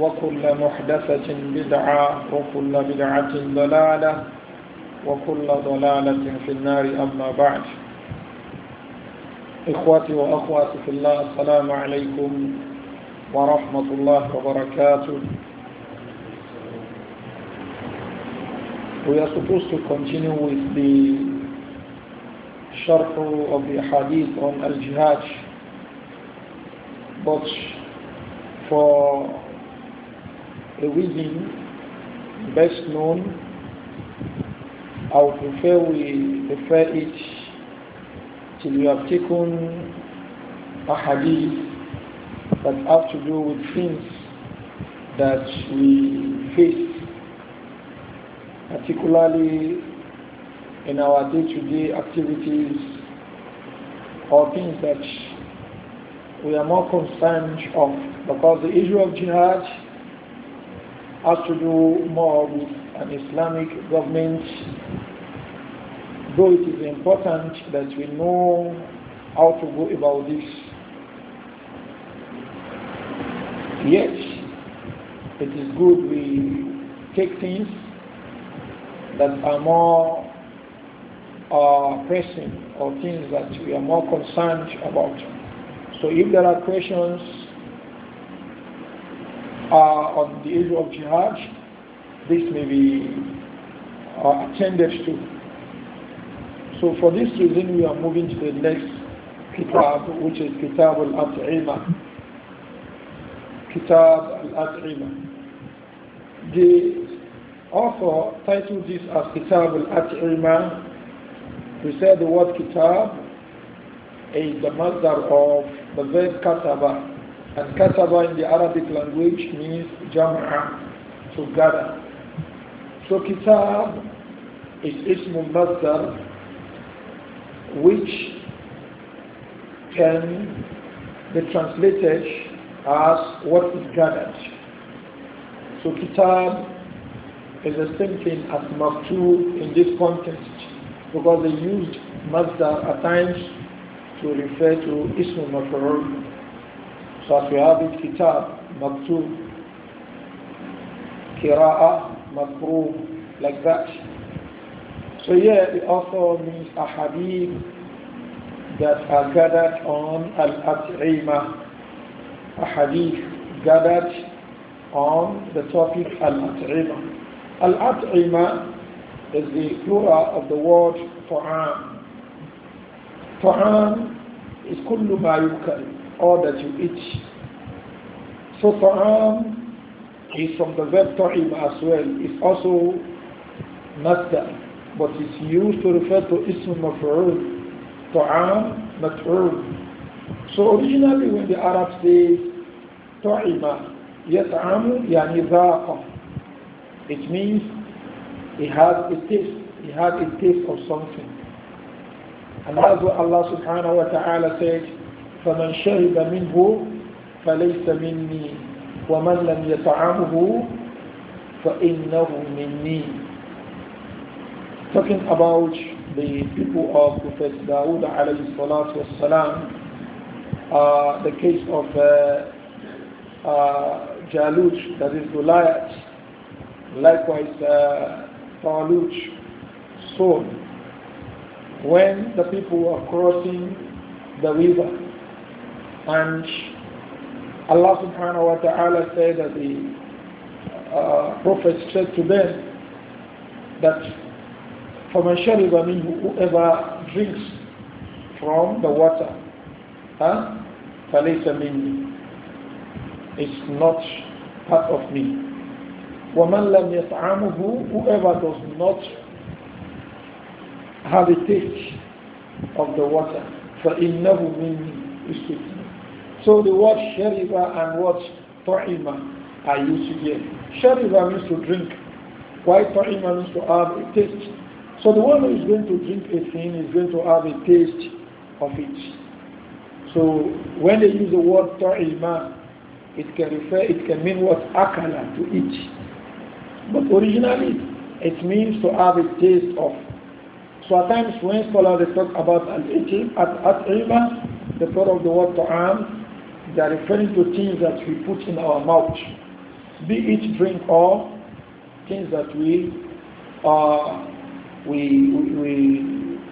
وكل محدثة بدعة وكل بدعة ضلالة وكل ضلالة في النار أما بعد إخواتي وأخواتي في الله السلام عليكم ورحمة الله وبركاته We are supposed to continue with the sharh of the hadith on al-jihad but for the reason best known, I would prefer we refer it till we have taken a hadith that have to do with things that we face, particularly in our day-to-day -day activities or things that we are more concerned of because the issue of jihad has to do more with an Islamic government, though it is important that we know how to go about this. Yet, it is good we take things that are more uh, pressing or things that we are more concerned about. So if there are questions on the issue of jihad, this may be uh, attended to. So for this reason, we are moving to the next kitab, which is Kitab al-At'ima. Kitab al-At'ima. The author titled this as Kitab al-At'ima. We said the word Kitab is the mother of the verb Kataba, and kasaba in the Arabic language means jam'a, to gather. So kitab is ismul masdar which can be translated as what is gathered. So kitab is the same thing as maktub in this context because they used mazda at times to refer to ismul maf'ul ففي هذا الكتاب مكتوب قراءة مكروه like that so yeah it also means a hadith that are gathered on al atima a hadith gathered on the topic al atima al atima is the plural of the word ta'am ta'am is kullu ma yukal all that you eat. So ta'am is from the verb ta'im as well. It's also masdar, but it's used to refer to ism maf'ul, ta'am maf'ul. So originally when the Arabs say ta'ima, yat'amu yani dhaqa. It means it has a taste, he a taste of something. And that's what Allah subhanahu wa ta'ala says. فمن شرب منه فليس مني ومن لم يطعمه فإنه مني Talking about the people of Prophet Dawood alayhi salatu wasalam, uh, the case of uh, uh, Jalut, that is Goliath, likewise uh, Talut, Saul, when the people were crossing the river, and Allah subhanahu wa ta'ala said that the uh, Prophet said to them that فَمَنْ I mean, whoever drinks from the water huh? It's not part of me. وَمَنْ لَمْ يَطْعَمُهُ whoever does not have a taste of the water فَإِنَّهُ مِنِّي so the word shariba and what ta'ima are used here. Shariba means to drink, while ta'ima means to have a taste. So the one who is going to drink a thing is going to have a taste of it. So when they use the word ta'ima, it can refer, it can mean what akala, to eat. But originally, it means to have a taste of. So at times when scholars talk about al eating, at at'ima, the thought of the word ta'am, they are referring to things that we put in our mouth, be it drink or things that we uh, we we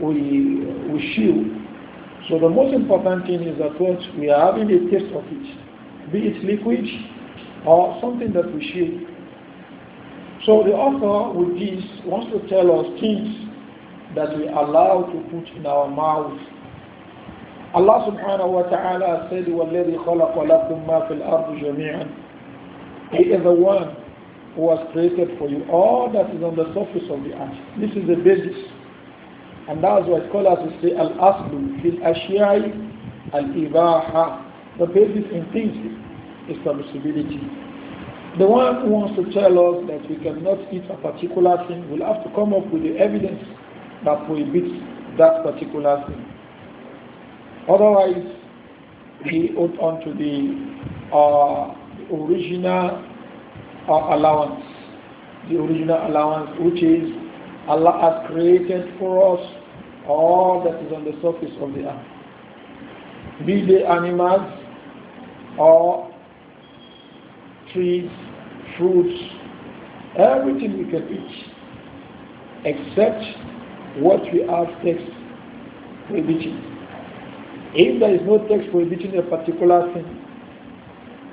we we chew. So the most important thing is that once we are having a taste of it, be it liquid or something that we chew. So the author with this wants to tell us things that we allow to put in our mouth Allah subhanahu wa ta'ala said, وَالَّذِي خَلَقَ لَكُم مَّا فِي الْأَرْضِ جَمِيعًا He is the one who has created for you all that is on the surface of the earth. This is the basis. And that's why scholars say, Al-Aslu fil ashiyai al-ibaha. The basis in things is permissibility. The one who wants to tell us that we cannot eat a particular thing will have to come up with the evidence that prohibits that particular thing. Otherwise, he owed on to the, uh, the original uh, allowance, the original allowance which is Allah has created for us all that is on the surface of the earth, be they animals or trees, fruits, everything we can eat, except what we have text prohibiting. If there is no text prohibiting a particular thing,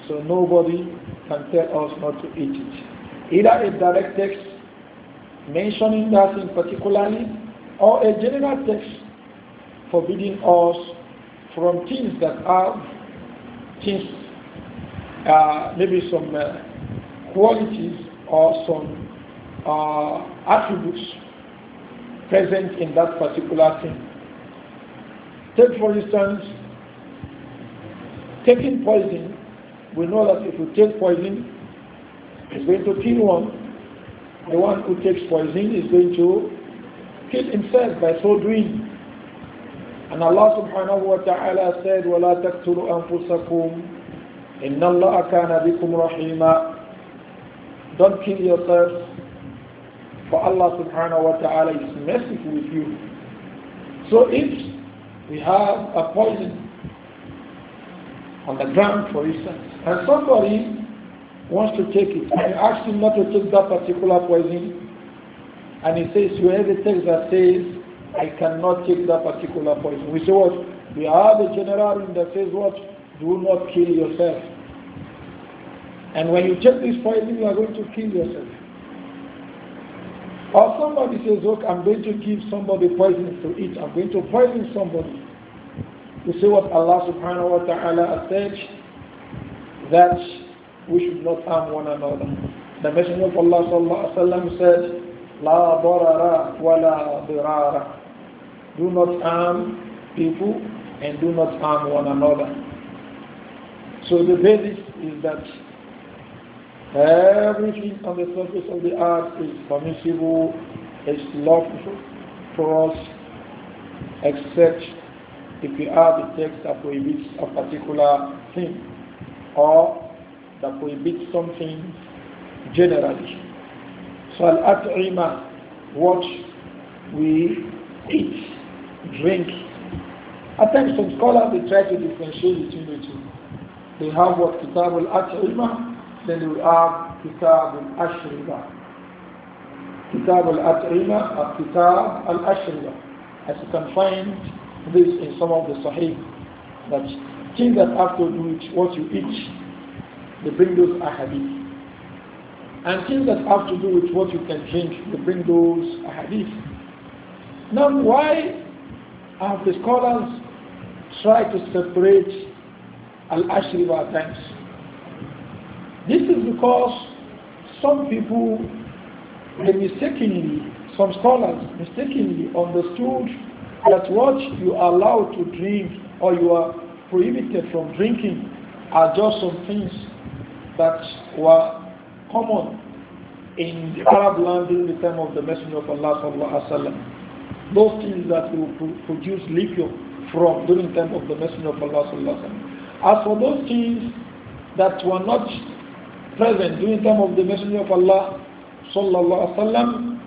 so nobody can tell us not to eat it. Either a direct text mentioning that thing particularly, or a general text forbidding us from things that are things, uh, maybe some uh, qualities or some uh, attributes present in that particular thing. Take for instance, taking poison. We know that if you take poison, it's going to kill one. The one who takes poison is going to kill himself by so doing. And Allah subhanahu wa ta'ala said, وَلَا تَقْتُلُوا أَنفُسَكُمْ إِنَّ اللَّهَ كَانَ بِكُمْ رَحِيمًا Don't kill yourself, for Allah subhanahu wa ta'ala is merciful with you. So if we have a poison on the ground, for instance, and somebody wants to take it, I ask him not to take that particular poison, and he says, you have a text that says, I cannot take that particular poison. We say what? We have a general that says what? Do not kill yourself. And when you take this poison, you are going to kill yourself. Or somebody says, look, I'm going to give somebody poison to eat. I'm going to poison somebody. You see what Allah subhanahu wa ta'ala said, that we should not harm one another. The Messenger of Allah sallallahu alaihi wasallam said, La barara wa la dirara. Do not harm people and do not harm one another. So the basis is that Everything on the surface of the earth is permissible, is lawful for us, except if we have the text that prohibits a particular thing or that prohibits something generally. So al-at'ima, what we eat, drink. At times some scholars they try to differentiate between the two. They have what Kitab al-at'ima then we have Kitab al-Ashriba. Kitab al-At'ima or Kitab al-Ashriba. As you can find this in some of the Sahih, that things that have to do with what you eat, they bring those ahadith. And things that have to do with what you can drink, they bring those ahadith. Now, why have the scholars tried to separate al-Ashriba at times? This is because some people they mistakenly, some scholars mistakenly understood that what you are allowed to drink or you are prohibited from drinking are just some things that were common in the Arab land during the time of the Messenger of Allah sallallahu alaihi wasallam. Those things that you produce liquor from during the time of the Messenger of Allah sallallahu alaihi wasallam. As for those things that were not present during time of the Messenger of Allah sallallahu alaihi wasallam.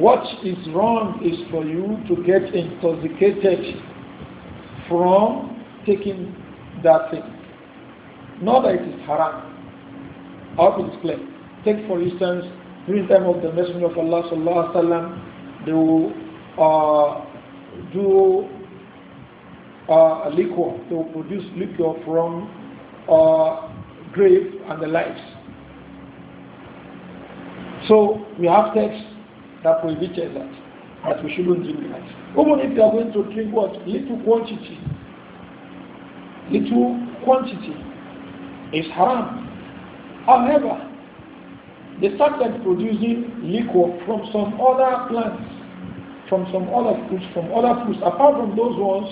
What is wrong is for you to get intoxicated from taking that thing. Not that it is haram. I hope it is clear. Take for instance, during time of the Messenger of Allah sallallahu alaihi wasallam, they will uh, do uh, liquor. They will produce liquor from uh, grave and the lives. So we have texts that prohibited that, that we shouldn't drink that. Even if you are going to drink what? Little quantity. Little quantity is haram. However, they started producing liquor from some other plants, from some other fruits, from other fruits, apart from those ones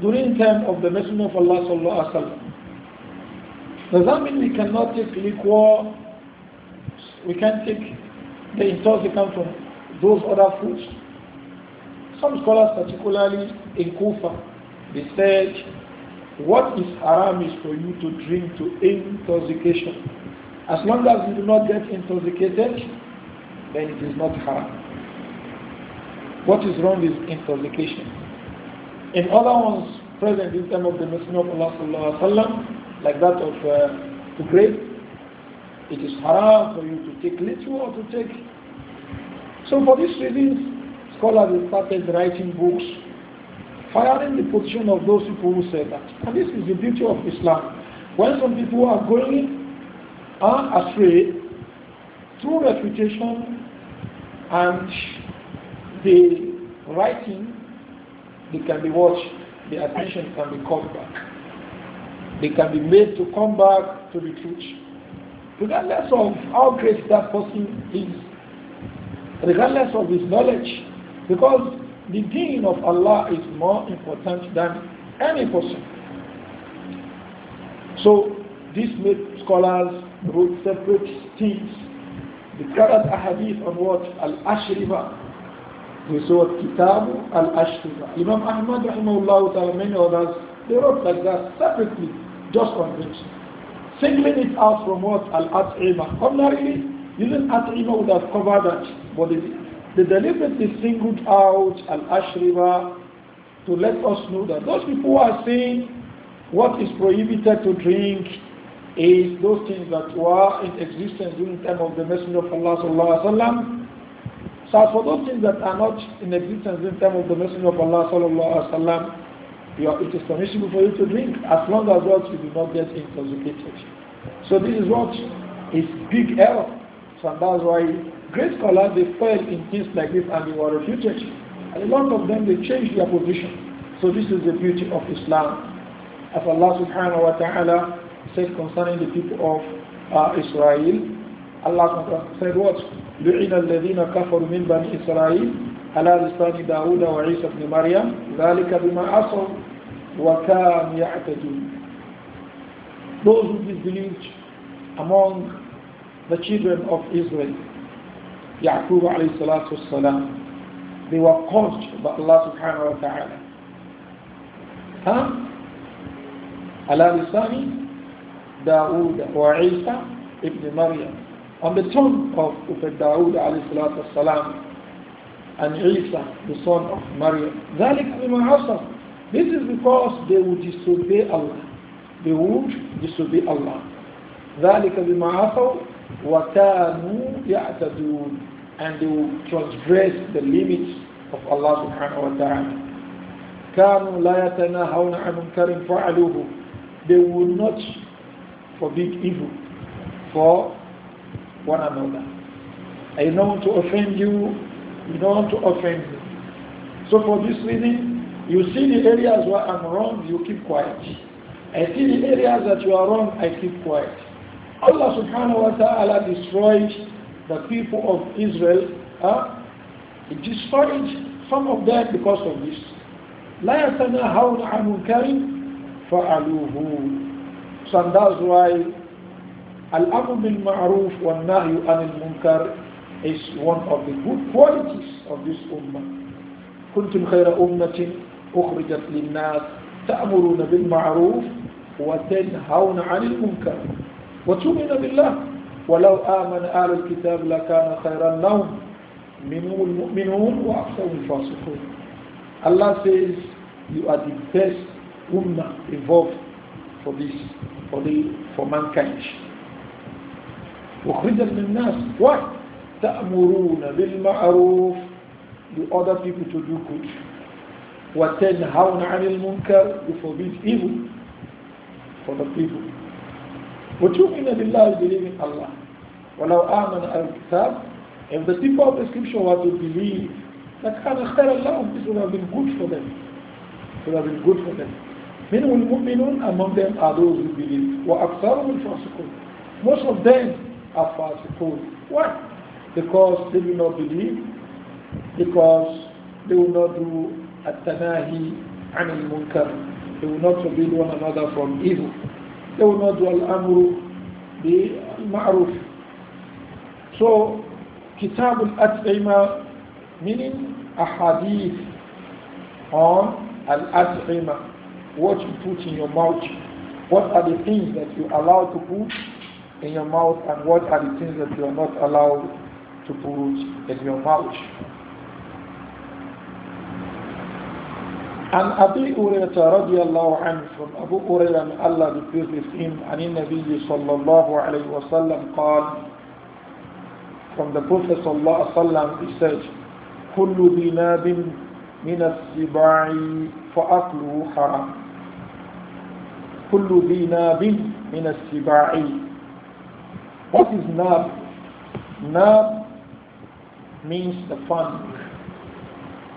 during the time of the Messenger of Allah sallallahu alaihi wasallam. Does that mean we cannot take liquor? We can't take the intoxicant from those other foods? Some scholars, particularly in Kufa, they said what is haram is for you to drink to intoxication. As long as you do not get intoxicated, then it is not haram. What is wrong is intoxication. In other ones present in time of the Messenger of Allah sallallahu alaihi wasallam, like that of uh, to pray. It is haram for you to take little or to take. So for these reasons, scholars started writing books, firing the position of those people who said that. And this is the beauty of Islam. When some people are going astray through refutation and the writing, they can be watched, the attention can be called back they can be made to come back to the truth. Regardless of how great that person is, regardless of his knowledge, because the deen of Allah is more important than any person. So this made scholars wrote separate things. The current ahadith on what? Al-Ashriba. We saw Kitab Al-Ashriba. Imam Ahmad, rahimahullah and many others, they wrote like that separately just on it. Singling it out from what? Al-At'imah. Ordinarily, using At'imah would have covered that. But the they deliberately singled out Al-Ashriba to let us know that those people who are saying what is prohibited to drink is those things that were in existence during the time of the Messenger of Allah sallallahu alaihi wasallam. So for those things that are not in existence during the time of the Messenger of Allah sallallahu alaihi wasallam, it is permissible for you to drink as long as what you do not get intoxicated. So this is what is big error. So that's why great scholars they fail in things like this and they were refuted. And a lot of them they change their position. So this is the beauty of Islam. As Allah subhanahu wa ta'ala said concerning the people of uh, Israel, Allah said what? لعن الذين كفروا من بني إسرائيل على لسان داود وعيسى بن مريم ذلك بما عصوا وكانوا يعتدون those who disbelieved among the children of Israel Yaqub alayhi salatu they were caused by Allah subhanahu wa ta'ala huh? على لسان wa وعيسى ibn Maryam, on the tongue of Prophet Dawood alayhi salatu and Isa, the son of Maryam. This is because they would disobey Allah. They would disobey Allah. ذلك بما عصوا وكانوا يعتدون and they will transgress the limits of Allah subhanahu wa ta'ala. كانوا لا يتناهون عن منكر فعلوه they will not forbid evil for one another. I don't want to offend you you don't want to offend me, So for this reason, you see the areas where I'm wrong, you keep quiet. I see the areas that you are wrong, I keep quiet. Allah subhanahu wa ta'ala destroyed the people of Israel. Huh? He destroyed some of them because of this. لا يتناهون عن منكر فعلوه So that's why الأمر بالمعروف والنهي عن المنكر is one of the good qualities of this ummah. كنتم خير أمة أخرجت للناس تأمرون بالمعروف وتنهون عن المنكر وتؤمن بالله ولو آمن أهل الكتاب لكان خيرا لهم منهم المؤمنون وأكثرهم الفاسقون Allah says you are the best ummah evolved for this for the for mankind وخرجت للناس why bil بالمعروف You order people to do good وتنهون عن munkar, You forbid evil for the people وتؤمن بالله believe in Allah ولو آمن الكتاب If the people of the scripture were to believe لكان خيرا Allah, This would have been good for them It would have been good for them منهم المؤمنون among them are those who believe وأكثرهم الفاسقون Most of them are فاسقون Why? because they do not believe, because they will not do at-tanahi an munkar They will not forbid one another from evil. They will not do al-amru bi al-ma'ruf. So, kitab al-at'ima meaning a hadith on al-at'ima, what you put in your mouth, what are the things that you allow to put in your mouth and what are the things that you are not allowed to put in your pouch. عن أبي هريرة رضي الله عنه from أبو هريرة من الله be pleased with him عن النبي صلى الله عليه وسلم قال from the Prophet صلى الله عليه وسلم he said كل ذناب من السباع فأكله حرام كل ذناب من السباع What is nab? Nab means the funk.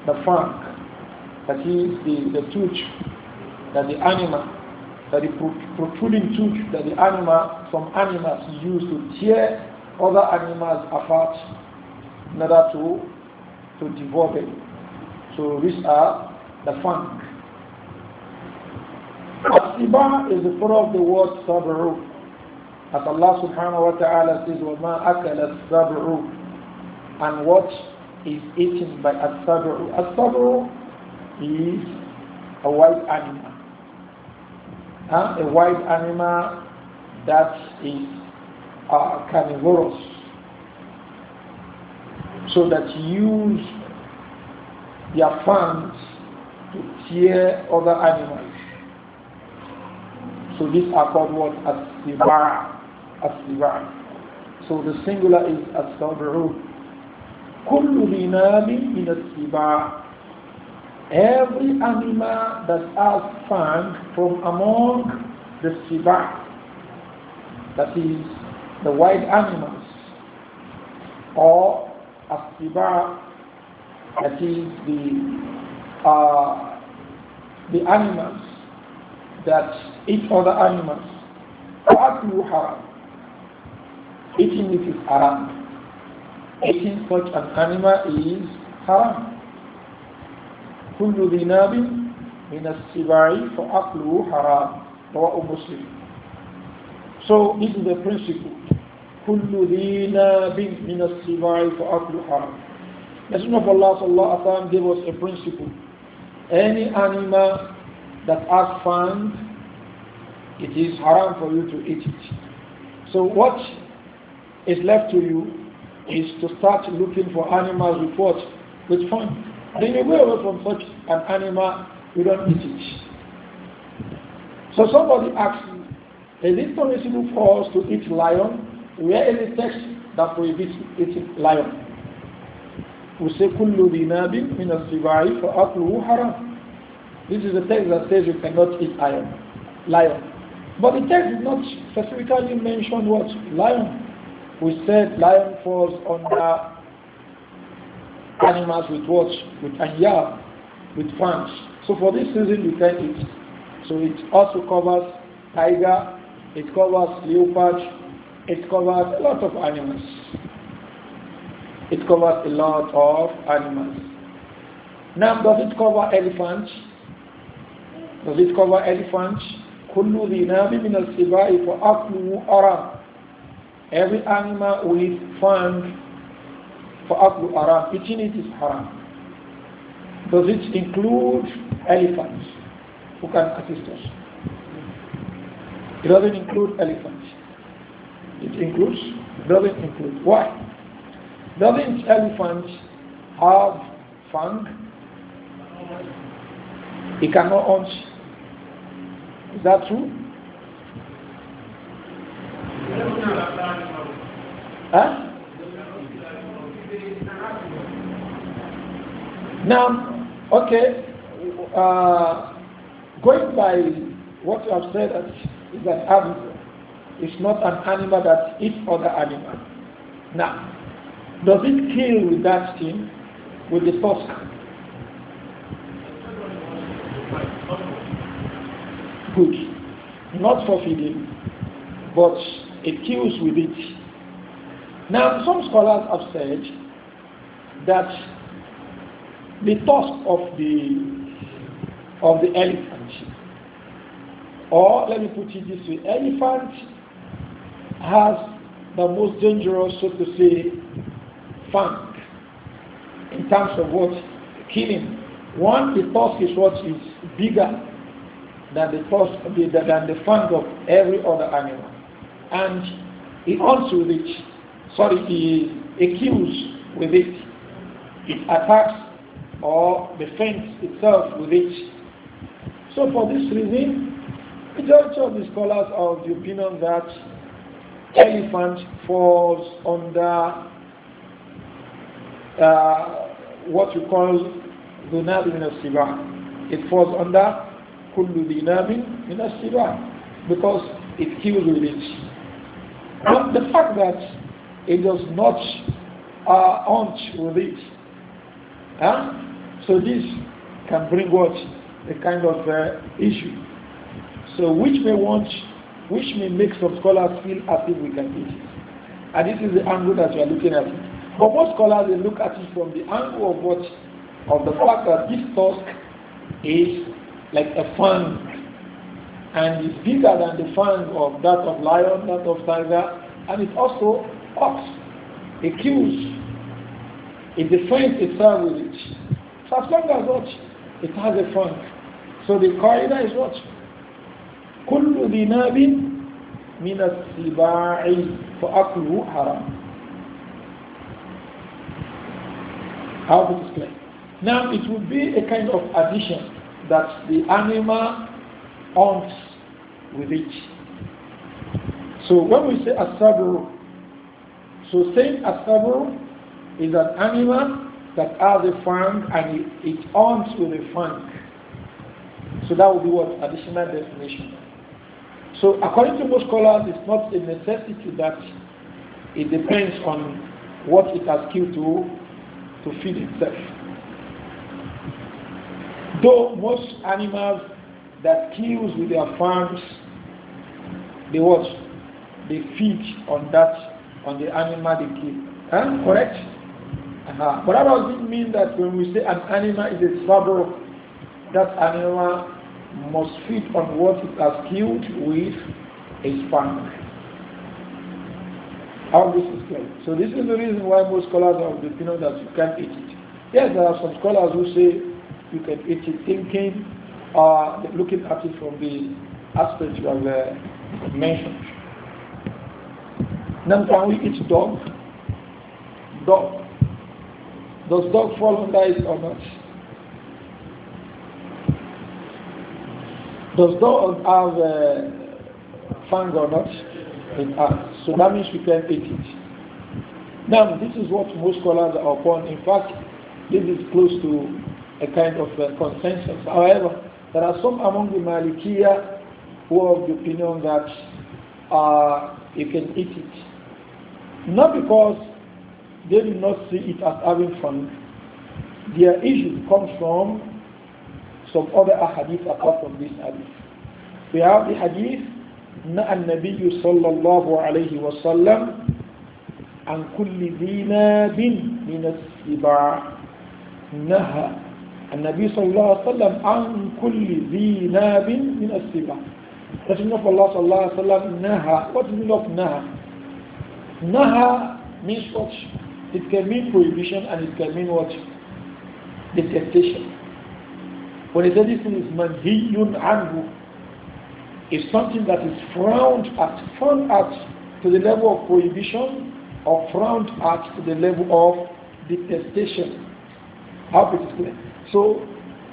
The funk. That is the, the tooth that the animal, that the protruding tooth that the animal, some animals use to tear other animals apart in order to, to devour them. So these are the funk. Asiba is the plural of the word sabru. As Allah subhanahu wa ta'ala says, وَمَا أَكَلَ السَّبْعُ and what is eaten by A Asabru is a wild animal. Huh? A wild animal that is uh, carnivorous. So that use their fangs to tear other animals. So these are called what? As-sibara. As-sibara. So the singular is as every animal that has fang from among the sibah that is the wild animals or as sibah that is the uh, the animals that eat other animals. Eating it is haram eating such an animal is haram. كل ذناب من السباع فأكله حرام رواه مسلم So this is the principle. كل ذناب من السباع فأكله حرام The of Allah sallallahu alaihi wasallam gave us a principle. Any animal that has found, it is haram for you to eat it. So what is left to you is to start looking for animals reports what? With fun. Then you go away from such an animal, you don't eat it. So somebody asked me, is it permissible for us to eat lion? Where is the text that prohibits eating lion? We say, "Kullu ذناب من This is the text that says you cannot eat lion. Lion. But the text did not specifically mention what? Lion. We said lion falls on animals with what? With anyab, with fangs. So for this reason we can it. So it also covers tiger, it covers leopard, it covers a lot of animals. It covers a lot of animals. Now does it cover elephants? Does it cover elephants? كل ذي ناب من السباع فأكله أرام every animal with fang for aklu haram, eating it is haram. Does it include elephants who can assist us? It doesn't include elephants. It includes, it doesn't include. Why? Doesn't elephants have fang? It cannot hunt. Is that true? Now, okay, uh, going by what you have said that is an animal. It's not an animal that eats other animal. Now, does it kill with that thing, with the tusk? Good. Not for feeding, but it kills with it. Now, some scholars have said that the tusk of the of the elephant, or let me put it this way, elephant has the most dangerous, so to say, fang in terms of what killing. One, the tusk is what is bigger than the tusk, than the fang of every other animal and he hunts with it. Sorry, he, accuses kills with it. It attacks or defends itself with it. So for this reason, majority of the scholars are of the opinion that elephant falls under uh, what you call the min al It falls under kullu dunar because it kills with it. And the fact that it does not uh, with it. Huh? So this can bring what? A kind of uh, issue. So which may want, which may make some scholars feel as if we can eat it. And this is the angle that we are looking at. But most scholars they look at it from the angle of what of the fact that this tusk is like a fan and it's bigger than the fang of that of lion, that of tiger, and it also cuts, it kills, it defends itself with it. So as long as what? It has a fang. So the corridor is what? كل ذي ناب من السباع فأكله حرام. How to explain? Now it would be a kind of addition that the animal owns with it. So when we say asabru, so saying asabru is an animal that has a fang and it, owns with a fang. So that would be what additional definition. So according to most scholars, it's not a necessity that it depends on what it has killed to to feed itself. Though most animals that kills with their fangs they what they feed on that on the animal they kill huh? correct uh -huh. but that doesn't mean that when we say an animal is a slaughter that animal must feed on what it has killed with a fang how this is clear so this is the reason why most scholars are of the opinion that you can't eat it yes there are some scholars who say you can eat it thinking are looking at it from the aspect you have uh, mentioned. Then can we eat dog? Dog. Does dog fall under it or not? Does dog have a uh, fang or not? It has. So that means we can eat it. Now, this is what most scholars are upon. In fact, this is close to a kind of uh, consensus. However, there are some among the Malikiya who have the opinion that uh, you can eat it. Not because they do not see it as having fun. Their issue comes from some other hadith apart from this hadith. We have the hadith نأى النبي صلى wa عليه an kulli كل bin min al السباع نهى النبي صلى الله عليه وسلم عن كل ذي ناب من السبع Messenger of Allah صلى الله عليه وسلم نهى what do you love نهى نهى means what it can mean prohibition and it can mean what detestation when it says this is manhiyun anhu is something that is frowned at frowned at to the level of prohibition or frowned at to the level of detestation how it is clear so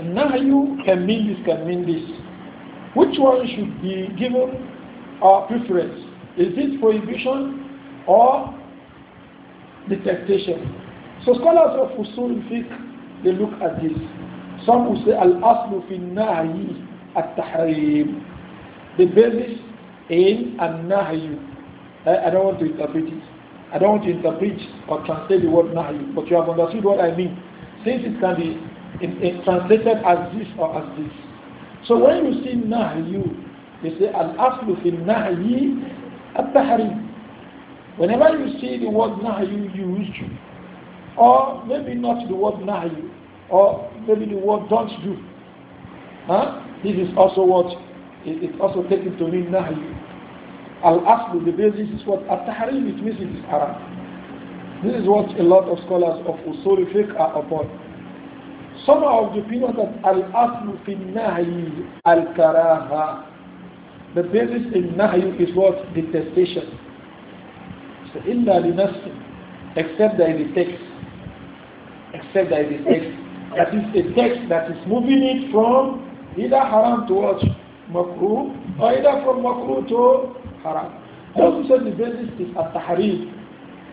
nahyu can mean this, can mean this. Which one should be given our preference? Is it prohibition or the temptation? So scholars of usul think they look at this. Some will say al-aslu fi nahyi at-tahrim. The basis in an-nahyu. I, I don't want to interpret it. I don't want to interpret or translate the word nahyu, but you have understood what I mean. Since it can be it is translated as this or as this. So when you see nahyu, you say al-aslu fi nahyi at-tahrim. Whenever you see the word nahyu used, or maybe not the word nahyu, or maybe the word don't do, huh? this is also what it, also taken to mean nahyu. Al-aslu, the basis is what at-tahrim, it means it is haram. This is what a lot of scholars of usul fiqh are upon. Some of the people that al-aslu fi nahi al-karaha. The basis in nahi is what? Detestation. So illa linafsin. Except that a text. Except that it is text. That is a text that is moving it from either haram towards Makruh. Or either from makruh to haram. Also, the basis is at-tahrim.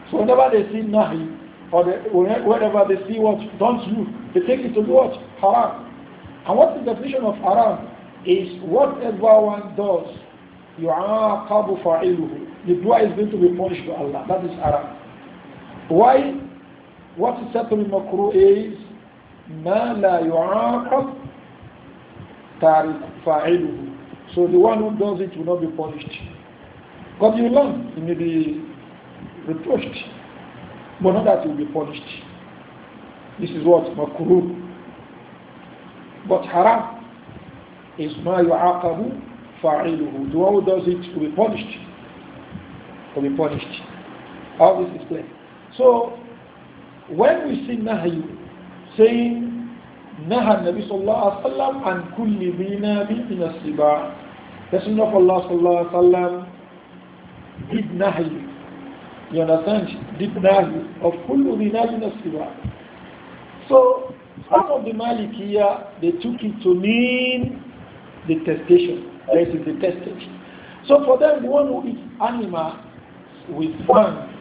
So whenever they see nahi, or the, they see what don't you, they take it to do what? Haram. And what's the definition of haram? Is whatever one does, يُعَاقَبُ فَعِلُهُ The dua is going to be punished by Allah. That is haram. Why? What is said to makruh is ma la يُعَاقَبْ tariq فَعِلُهُ So the one who does it will not be punished. God you learn, he may be reproached but not that he will be punished. This is what makruh. But haram is ma yu'aqabu fa'iluhu. The one who does it will be punished. Will be punished. All this is clear. So when we see nahyu saying naha nabi sallallahu alaihi wasallam an kulli binabi min as-siba. Messenger of Allah sallallahu alaihi wasallam did nahyu you understand? Deep Dibnahu of kullu dinari nasiba. So some of the Malikiya they took it to mean the testation. That is the testation. So for them, one who eats animal with fun,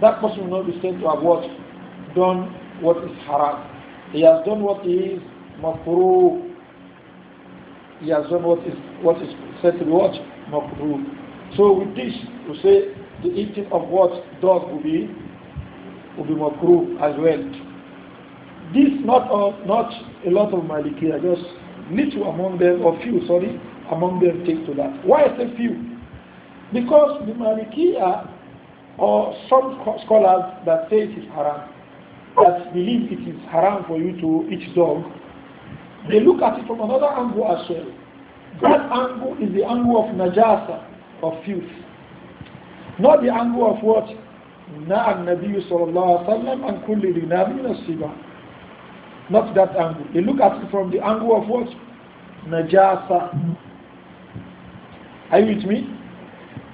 that person will not be said to have what done what is haram. He has done what is makruh. He has done what is what is said to be what makruh. So with this, we say the eating of what does will be will be more cruel as well. This not of, not a lot of Malikiya, just little among them or few, sorry, among them take to that. Why I say few? Because the Malikiya or some scholars that say it is haram, that believe it is haram for you to eat dog, they look at it from another angle as well. That angle is the angle of najasa, of filth. Not the angle of what? sallallahu alayhi wa sallam and kulli li nabi دينار Not that angle. They look at it from the angle of what? Najasa. Are you with me?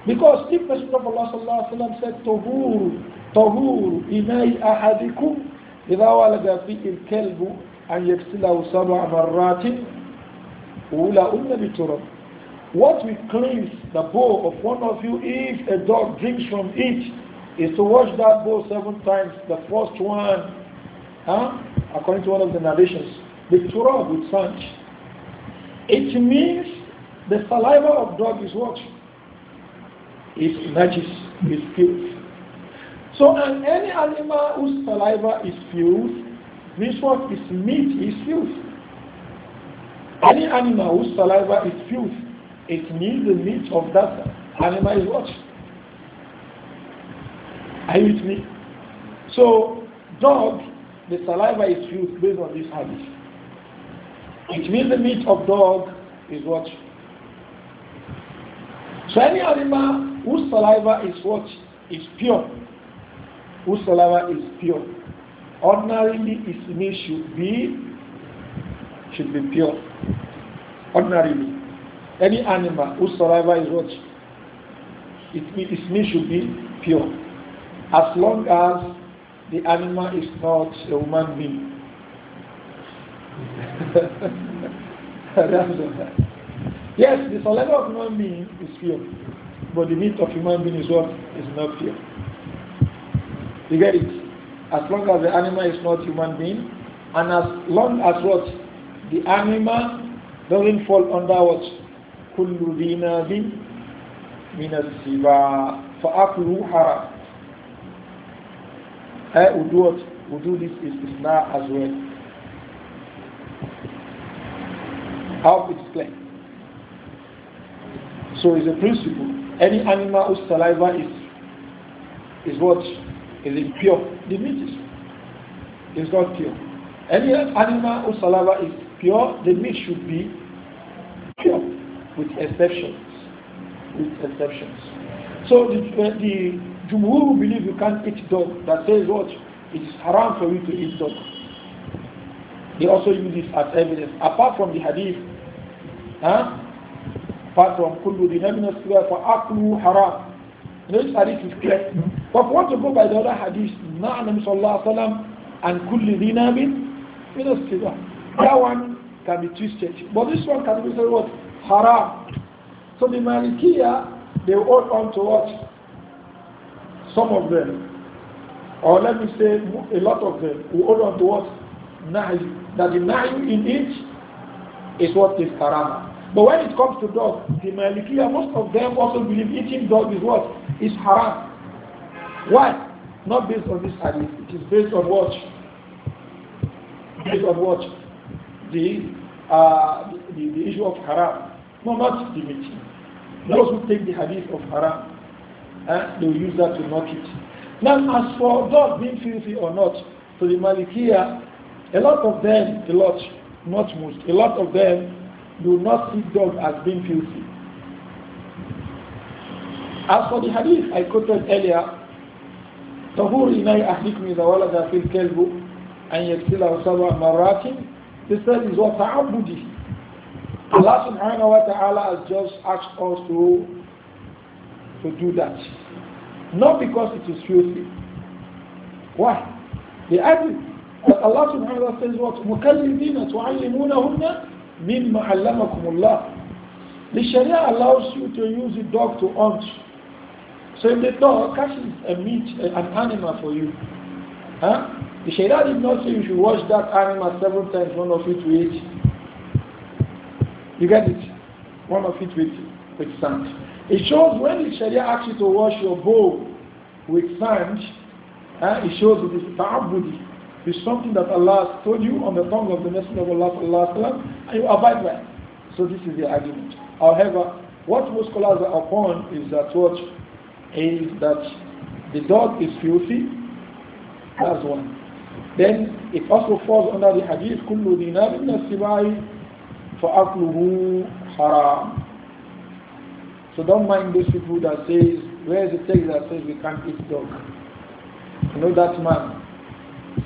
Because if Messenger of Allah sallallahu alayhi wa sallam said, Tohuru, Tohuru, inai ahadikum, إذا ولد فيه الكلب أن يغسله سبع مرات أولى أن بتراب What will cleanse the bowl of one of you if a dog drinks from it is to wash that bowl seven times. The first one, huh? according to one of the narrations, the turab with sand. It means the saliva of dog is what? Is najis, is filth. So and any animal whose saliva is filth, which one is meat is filth. Any animal whose saliva is filth, it means the meat of that animal is what? Are you with me? So, dog, the saliva is used based on this habit. It means the meat of dog is what? So any animal whose saliva is what? Is pure. Whose saliva is pure. Ordinarily its meat should be should be pure. Ordinarily. Any animal whose saliva is what? It, its meat should be pure. As long as the animal is not a human being. yes, the saliva of human being is pure, but the meat of human being is what? Is not pure. You get it? As long as the animal is not human being, and as long as what? The animal doesn't fall under what? كل ذي ناب من السباع فأكله حرام I would do it. We do this istisna as well. How it's explain? So it's a principle. Any animal whose saliva is is what is impure. The meat is, is not pure. Any animal whose saliva is pure, the meat should be pure with exceptions. With exceptions. So the, uh, the who believe you can't eat dog, that says what? It's haram for you to eat dog. They also use this as evidence. Apart from the hadith, huh? apart from kullu dinamin square for aklu haram. This hadith is clear. But if want to go by the other hadith, Na'anam sallallahu Alaihi Wasallam and kullu dinamin know, That one can be twisted. But this one can be said what? haram. So the Malikiya, they hold on to what? Some of them, or let me say a lot of them, who hold on to what? Nahi. That the Nahi in it is what is haram. But when it comes to dogs, the Malikiya, most of them also believe eating dog is what? Is haram. Why? Not based on this hadith. It is based on what? Based on what? The, uh, the, the issue of haram. No, not the Those who take the hadith of haram, eh, they will use that to knock it. Now, as for God being filthy or not, to the Malikiya, a lot of them, a lot, not most, a lot of them do not see God as being filthy. As for the hadith I quoted earlier, طهور إناء ahlikmi zawala ولد kelbu, الكلب أن This is what تعبده Allah subhanahu wa ta'ala has just asked us to, to do that. Not because it is filthy. Why? The hadith that Allah subhanahu wa ta'ala says what? مُكَلِّذِينَ تُعَلِّمُونَهُنَّ مِمَّا عَلَّمَكُمُ اللَّهُ The Sharia allows you to use a dog to hunt. So if the dog catches a meat, an animal for you, huh? the Sharia did not say you should wash that animal seven times, one of it to eat. You get it? One of it with, with sand. It shows when the Sharia asks you to wash your bowl with sand, uh, it shows it is ta'abudi. It's something that Allah has told you on the tongue of the Messenger of Allah, Allah and you abide by it. So this is the argument. However, what most scholars are upon is that what is that the dog is filthy. That's one. Then it also falls under the hadith, كل دينار من فَأَكْلُهُ So don't mind those people that says, where is the text that says we can't eat dog? You know that man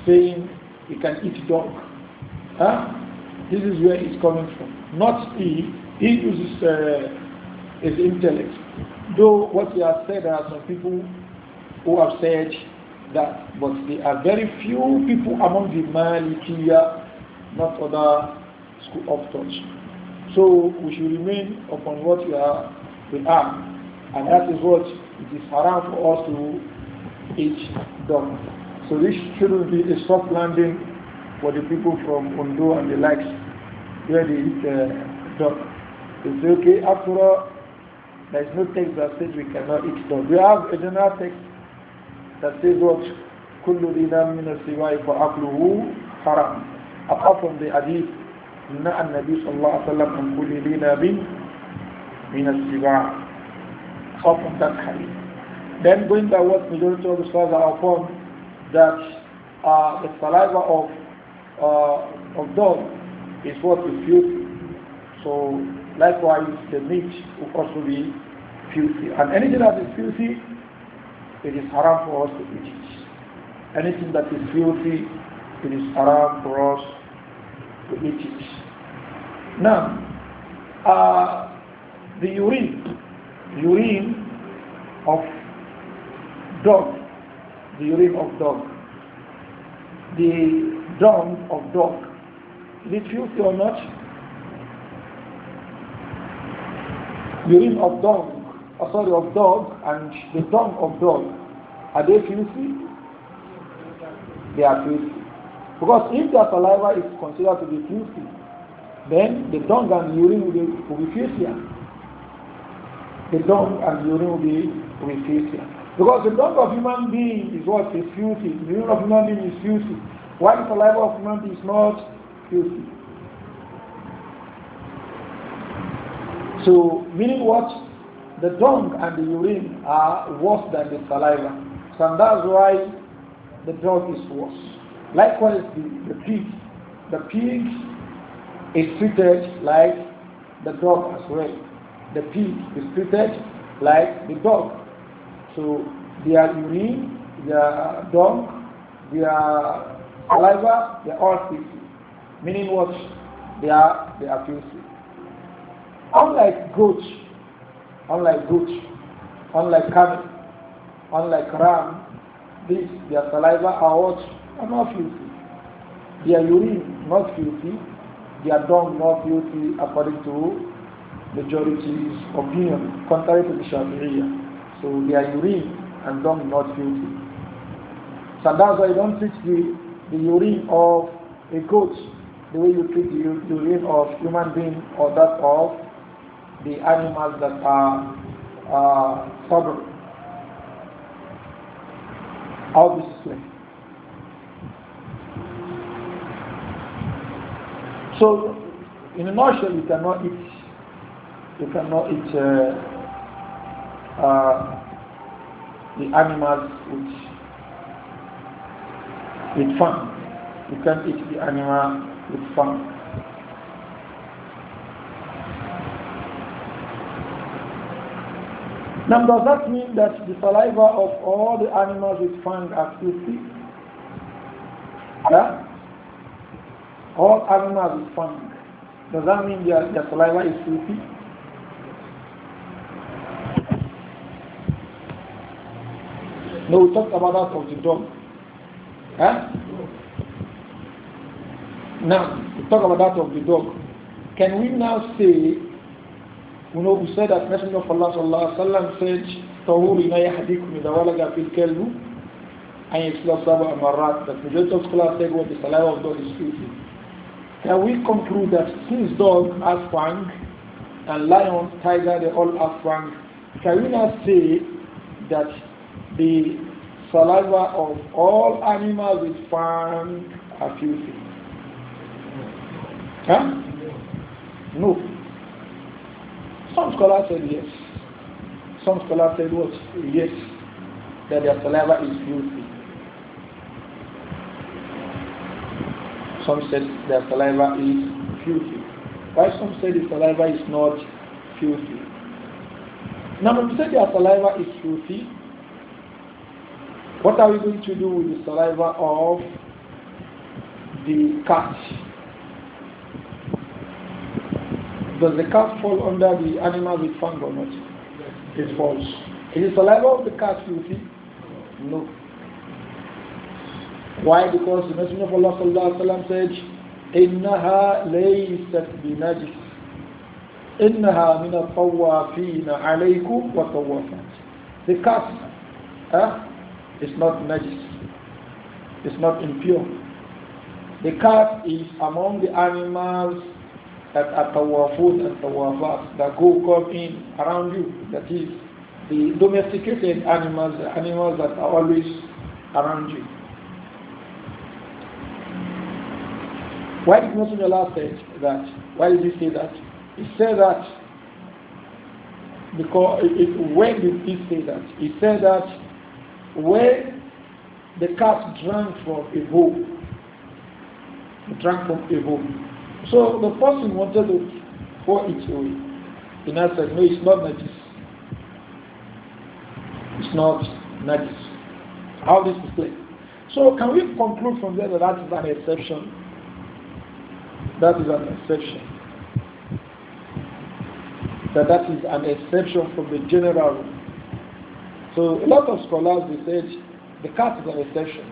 saying we can eat dog. Huh? This is where it's coming from. Not he. He uses uh, his intellect. Though what he has said, there are some people who have said that, but there are very few people among the Malikiya, not other school of thought. So we should remain upon what we are, we are. And that is what it is haram for us to eat done. So this shouldn't be a soft landing for the people from Ondo and the likes where they eat uh, dog. They say, okay, after all, there is no text that says we cannot eat dog. We have a general text that says what? كل ذي دم من السواء فأكله haram. apart from the hadith النبي صلى الله عليه وسلم من السباع من Then going by what majority of the scholars are upon, that uh, the saliva of uh, of dog is what is filthy. So likewise, the meat will also be filthy. And anything that is filthy, it is haram for us to eat it. Anything that is filthy, it is haram for us to eat it. Now, uh, the urine, urine of dog, the urine of dog, the dung of dog, is it filthy or not? Urine of dog, uh, sorry, of dog and the dung of dog, are they filthy? They are filthy. Because if their saliva is considered to be filthy, then the dung and urine will be, will be The dung and urine will be, will be Because the dung of human being is what is filthy. The urine of human being is filthy. While the saliva of human being is not filthy. So, meaning what? The dung and the urine are worse than the saliva. So, and that's why the dung is worse. Likewise, the, the pig. The pig is treated like the dog as well. The pig is treated like the dog. So their urine, their dung, their saliva, they are all filthy. Meaning what? They are they are filthy. Unlike goat, unlike goat, unlike camel, unlike ram, these their saliva are what? Are not filthy. Their urine not filthy they are done not guilty according to majority's opinion, contrary to the Sharia. So they are urine and done not guilty. So that's why you don't treat the, the urine of a goat the way you treat the urine of human being or that of the animals that are uh, Obviously. this is So, in a nutshell, you cannot eat. You cannot eat uh, uh, the animals which with fun You can not eat the animal with fun Now, does that mean that the saliva of all the animals with fang are filthy? Yeah? all animals is fine. Does that mean their, their saliva is filthy? No, we talked about that of the dog. Huh? Now, we talk about that of the dog. Can we now say, you know, we said that Messenger of Allah sallallahu alaihi wasallam said, طهورنا يحديكم إذا ولد في الكلب أن يصلى سبع مرات. That majority of scholars say what the saliva of dog is filthy. Can we conclude that since dog has fang and lion, tiger, they all have fang, can we not say that the saliva of all animals with fang are filthy? Huh? No. Some scholars said yes. Some scholars said what? Yes. That their saliva is filthy. Some said their saliva is filthy. Why some said the saliva is not filthy. Now when we say their saliva is filthy, what are we going to do with the saliva of the cat? Does the cat fall under the animal with fang or not? It falls. Is the saliva of the cat filthy? No. Why? Because the Messenger of Allah sallallahu alaihi wasallam said, "Innaha laysat binajis. Innaha min al-tawafina alaykum wa tawafat." The cat, huh, eh, is not najis. It's not impure. The cat is among the animals that are tawafut and tawafat that go come in around you. That is the domesticated animals, the animals that are always around you. Why did Messenger Allah say that? Why did he say that? He said that because it, when did he say that? He said that when the calf drank from a hole, drank from a hole. So the person wanted to pour it away. The said, no, it's not najis. It's not najis. How this is played. So can we conclude from there that that is an exception? That is an exception. That that is an exception from the general rule. So a lot of scholars they said the cat is an exception.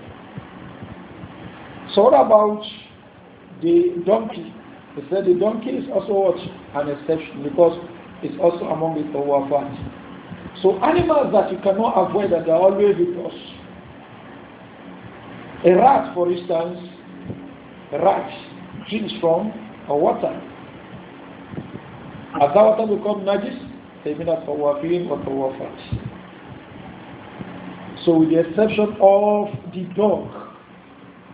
So what about the donkey? They said the donkey is also an exception because it's also among the tawafat. So animals that you cannot avoid that are always with us. A rat, for instance, a rat drinks from a water. As that water becomes najis, they mean that for tawafin or for tawafat. So with the exception of the dog,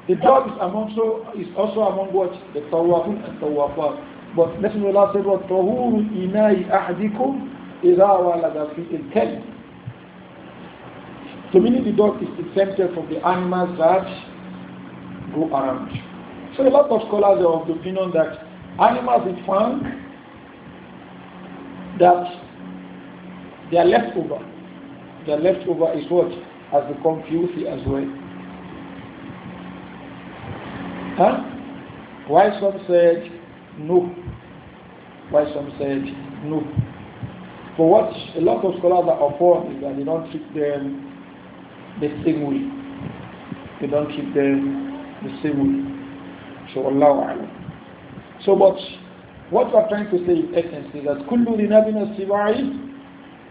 the dog is, also is also among what? The tawafin and tawafat. But Messenger of Allah said, وَطَهُورُ إِنَاءِ أَحْدِكُمْ إِذَا وَلَدَ فِي الْكَلِمِ so meaning the dog is exempted from the animals that go around. So a lot of scholars are of the opinion that animals is found that they are left over. Their leftover is what has become filthy as well. Huh? Why some said no? Why some said no? For what a lot of scholars are upon is that they don't treat them the same way. They don't treat them the same way. So Allahu Alam. So but what we're trying to say in essence is that kullu rinabina sibai,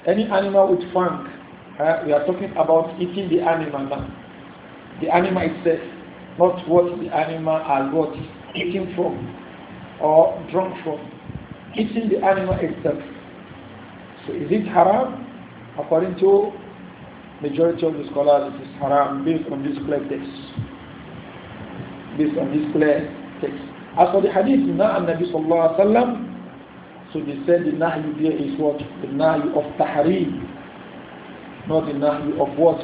any animal with fang, uh, we are talking about eating the animal now. The animal itself, not what the animal are got eating from or drunk from. Eating the animal itself. So is it haram? According to majority of the scholars, it is haram based on these black based on this clear text. As for the hadith, Na'am Nabi Sallallahu Alaihi Wasallam, so they said the Nahyu there is what? The Nahyu of Tahrim, not the Nahyu of what?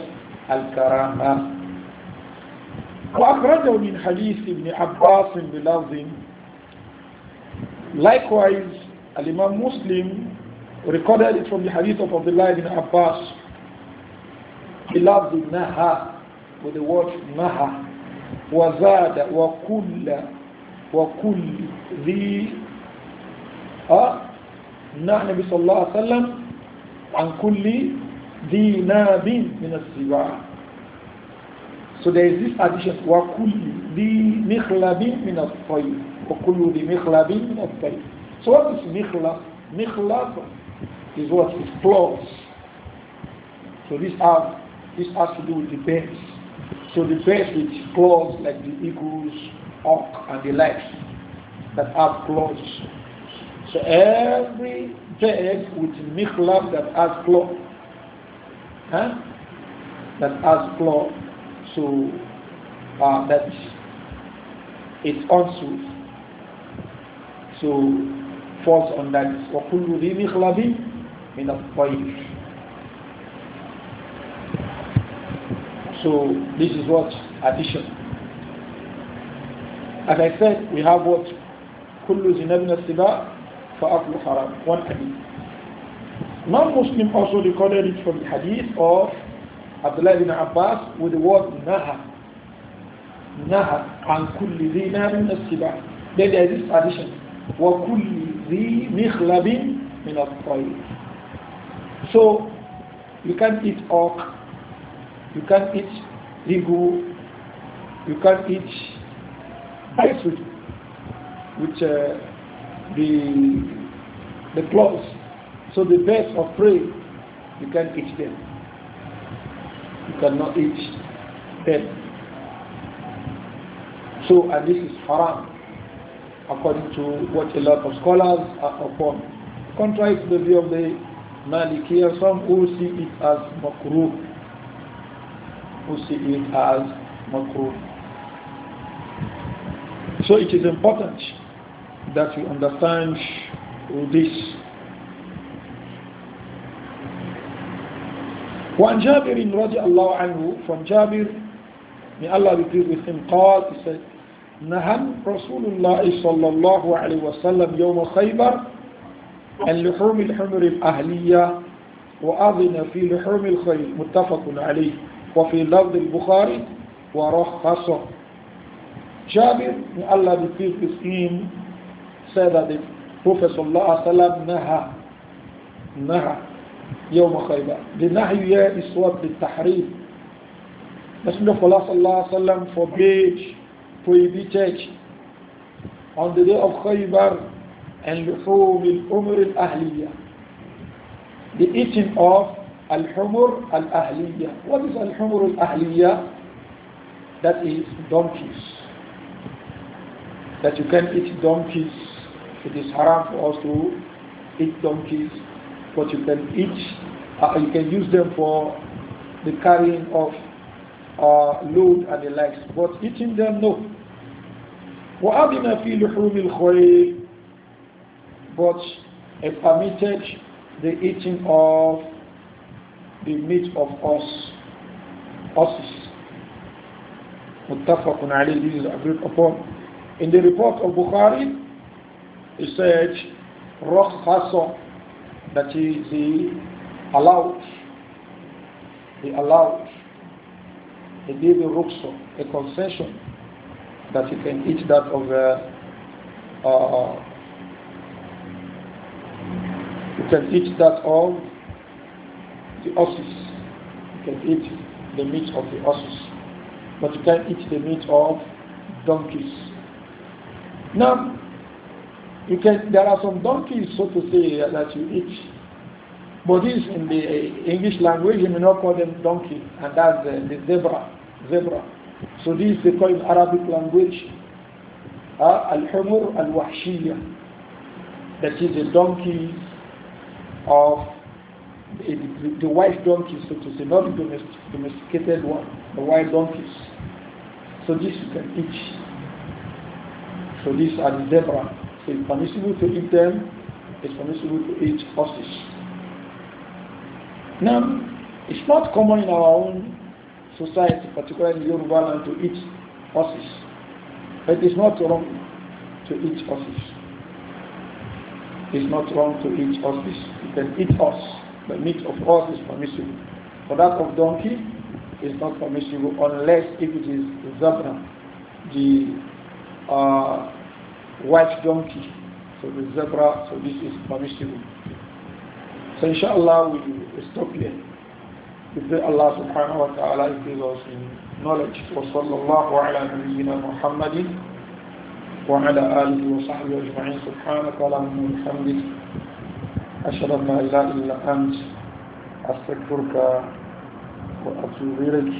Al-Karama. وأخرجه من حديث ابن عباس بلفظ Likewise, Al-Imam Muslim recorded it from the hadith of Abdullah ibn Abbas. He loved the Naha with the word Naha. وزاد وكل وكل ذي أه نهى النبي صلى الله عليه وسلم عن كل ذي ناب من السباع So there is this addition وكل ذي مخلب من الطير وكل ذي مخلب من الطير So what is مخلب? مخلب is what is claws. So this has, this has to do with the birds. So the best with claws like the eagles, hawk, and the likes that have claws. So every bird with mikhlab that has claw, huh? that has claw, so uh, that it unsuit. So falls on that. وَكُلُّ ذِي مِخْلَبٍ مِنَ الطَّيْرِ So this is what addition. As I said, we have what kullu zinabina al for fa'aklu haram. One hadith. Non-Muslim also recorded it from the hadith of Abdullah ibn Abbas with the word naha. Naha an kulli zinabina siba Then there is this addition. Wa kulli zi mikhlabin min al-tayr. So you can't eat all. You can't eat ego. You can't eat ice with, with uh, the the claws. So the birds of prey, you can't eat them. You cannot eat them. So, and this is haram, according to what a lot of scholars are upon. Contrary to the view of the Malikiya, some who see it as makruh, people see it as makruh. So it is important that we understand this. وعن جابر رضي الله عنه from Jabir may Allah be pleased with him قال he said نهم رسول الله صلى الله عليه وسلم يوم خيبر عن لحوم الحمر الأهلية وأذن في لحوم الخيل متفق عليه وفي لفظ البخاري ورخص Jabir, may Allah be pleased with him, said that the Prophet sallallahu naha, naha, yawm khaybar. The nahi here is what the tahrim. Messenger of Allah sallallahu alayhi wa forbade, prohibited on the day of Khaybar and لحوم الأمر الأهلية the eating of Al-Humur is Al-Humur Al-Ahliya? That is donkeys. That you can eat donkeys. It is haram for us to eat donkeys, but you can eat, uh, you can use them for the carrying of uh, load and the likes. But eating them, no. وَأَذِنَ فِي لُحُومِ الْخَيْرِ But it permitted the eating of the meat of us, horses. Muttafaqun alayhi, this is agreed upon. In the report of Bukhari, he said, Rakhasa, that is the allowed, the allowed, he gave a rukhsa, a concession, that you can eat that of uh, uh, you can eat that of the horses. You can eat the meat of the horses. but you can't eat the meat of donkeys. Now, you can. There are some donkeys, so to say, that you eat. But this in the English language, you may not call them donkey, and that's the, the zebra. Zebra. So this they call in Arabic language uh, al-humur al-wahshiyah. That is the donkeys of the, the white donkeys, so to say, not the domesticated one, the white donkeys. So this you can eat. So these are the zebra. So it's permissible to eat them, it's permissible to eat horses. Now, it's not common in our own society, particularly in Yoruba land, to eat horses. But it's not wrong to eat horses. It's not wrong to eat horses. You can eat horses the meat of horse is permissible. For that of donkey is not permissible unless if it is zebra, the uh, white donkey. So the zebra, so this is permissible. So inshallah we will stop here. We pray Allah subhanahu wa ta'ala increase us in knowledge. Wa sallallahu ala nabiyyina Muhammadin wa ala alihi wa sahbihi ajma'in subhanaka أشهد أن لا إله إلا أنت أستغفرك وأتوب إليك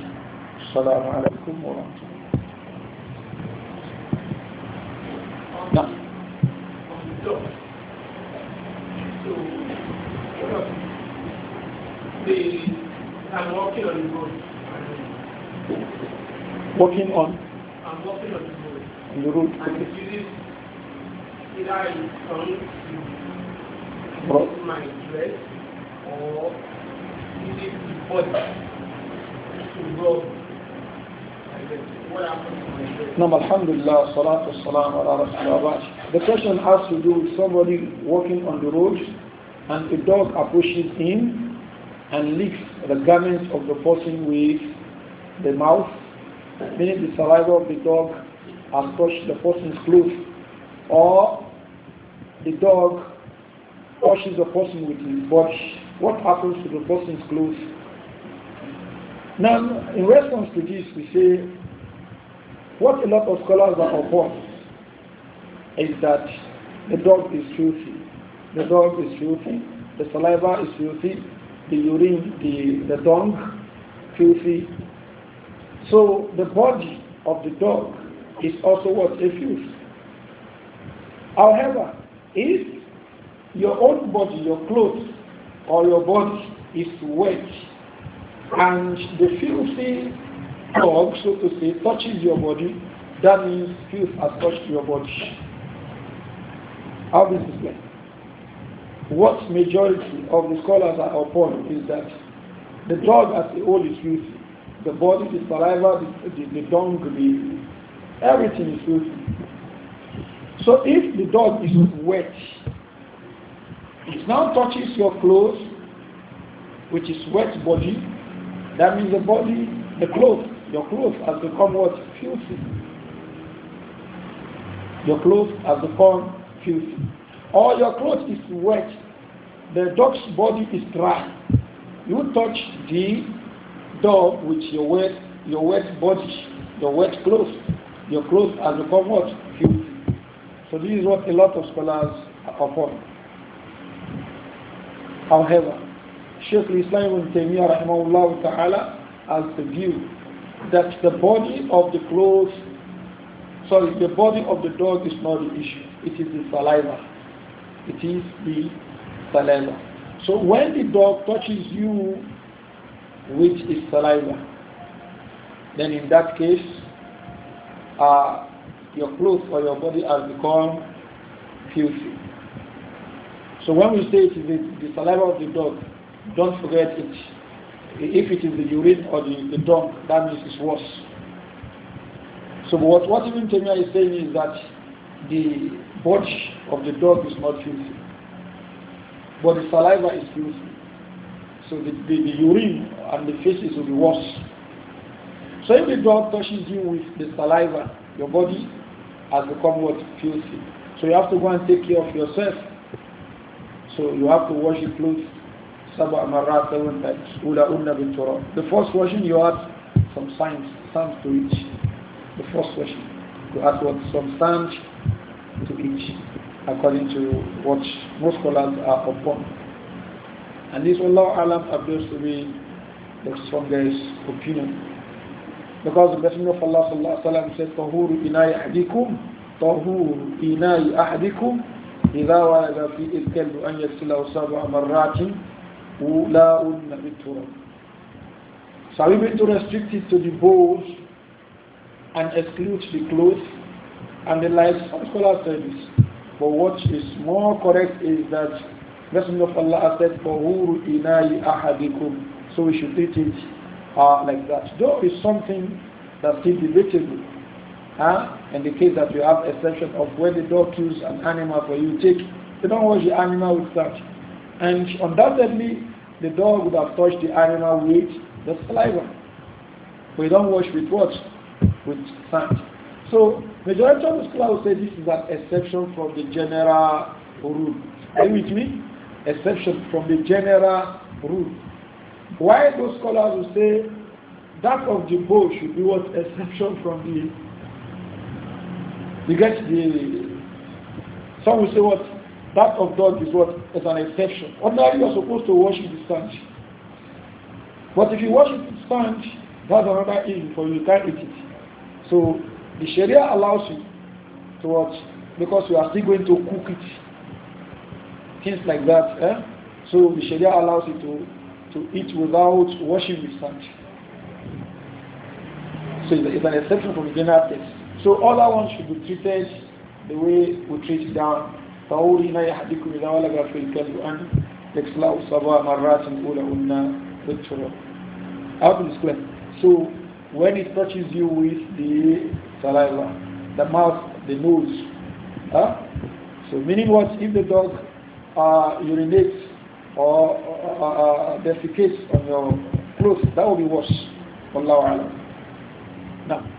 السلام عليكم ورحمة الله I'm walking on the road. Walking on? I'm walking on the road. On the road. And okay. it uses either to No, the alhamdulillah, salatu salam ala rasulullah. The question has to do with somebody walking on the road and a dog approaches him and licks the garments of the person with the mouth, meaning the saliva of the dog has touched the person's clothes, or the dog washes a person with his body, what happens to the person's clothes? Now, in response to this, we say what a lot of scholars are upon is that the dog is filthy, the dog is filthy, the saliva is filthy, the urine, the, the dung, filthy. So the body of the dog is also what a However, if your own body, your clothes, or your body is wet, and the filthy dog, so to say, touches your body, that means filth has touched your body. How this is What majority of the scholars are upon is that the dog as a whole is filthy. The body, the saliva, the, the, the dung, the, everything is filthy. So if the dog is wet, it now touches your clothes, which is wet body, that means the body, the clothes, your clothes has become what? Filthy. Your clothes has become filthy. Or your clothes is wet, the dog's body is dry. You touch the dog with your wet, your wet body, your wet clothes. Your clothes has become what? Filthy. So this is what a lot of scholars are upon. However, Sheikh Islam ibn Taymiyyah rahimahullah ta'ala has the view that the body of the clothes, sorry, the body of the dog is not the issue. It is the saliva. It is the saliva. So when the dog touches you with its saliva, then in that case, uh, your clothes or your body has become filthy. So when we say it is the, the saliva of the dog, don't forget it. If it is the urine or the, the dung, that means it's worse. So what, what Ibn Taymiyyah is saying is that the body of the dog is not filthy, but the saliva is filthy. So the, the, the urine and the feces will be worse. So if the dog touches you with the saliva, your body has become what? Filthy. So you have to go and take care of yourself so you have to wash your clothes Sabah marat, seven times أولهن بالتراب The first washing you add some signs, sand to each. The first washing you add what some sand to each, according to what most scholars are upon. And this Allah Alam appears to be the strongest opinion. Because the Messenger of Allah sallallahu alaihi wasallam said, "Tahuru inai ahdikum, tahuru inai ahdikum." إذا ولد فيه الكلب أن يغسله سبع مرات أولاهن بالتراب So are we going to restrict it to the bowls and exclude the clothes and the lights Some scholars service. this. But what is more correct is that Messenger of Allah said, "For فَهُورُ إِنَاءِ aḥadikum," So we should treat it uh, like that. Though it's something that's still debatable. Huh? In the case that you have exception of where the dog kills an animal for you, take They don't wash the animal with that. And undoubtedly, the dog would have touched the animal with the saliva. We don't wash with what? With sand. So majority of the scholars say this is an exception from the general rule. Are you with me? Exception from the general rule. Why those scholars will say that of the bow should be what exception from the you get the some will say what that of dog is what is an exception. Ordinarily you're supposed to wash it with sand. But if you wash it with sand, that's another issue for you, can't eat it. So the Sharia allows you to watch because you are still going to cook it. Things like that. Eh? So the Sharia allows you to, to eat without washing with sand. So it's an exception from the general test. So all that ones should be treated the way we treat down. فأورنا يحدكم إذا في الكلب أن مرات So when it touches you with the saliva, the mouth, the nose, huh? so meaning what? If the dog uh, urinates or uh, uh, uh defecates on your clothes, that will be worse. Wallahu alam. Now.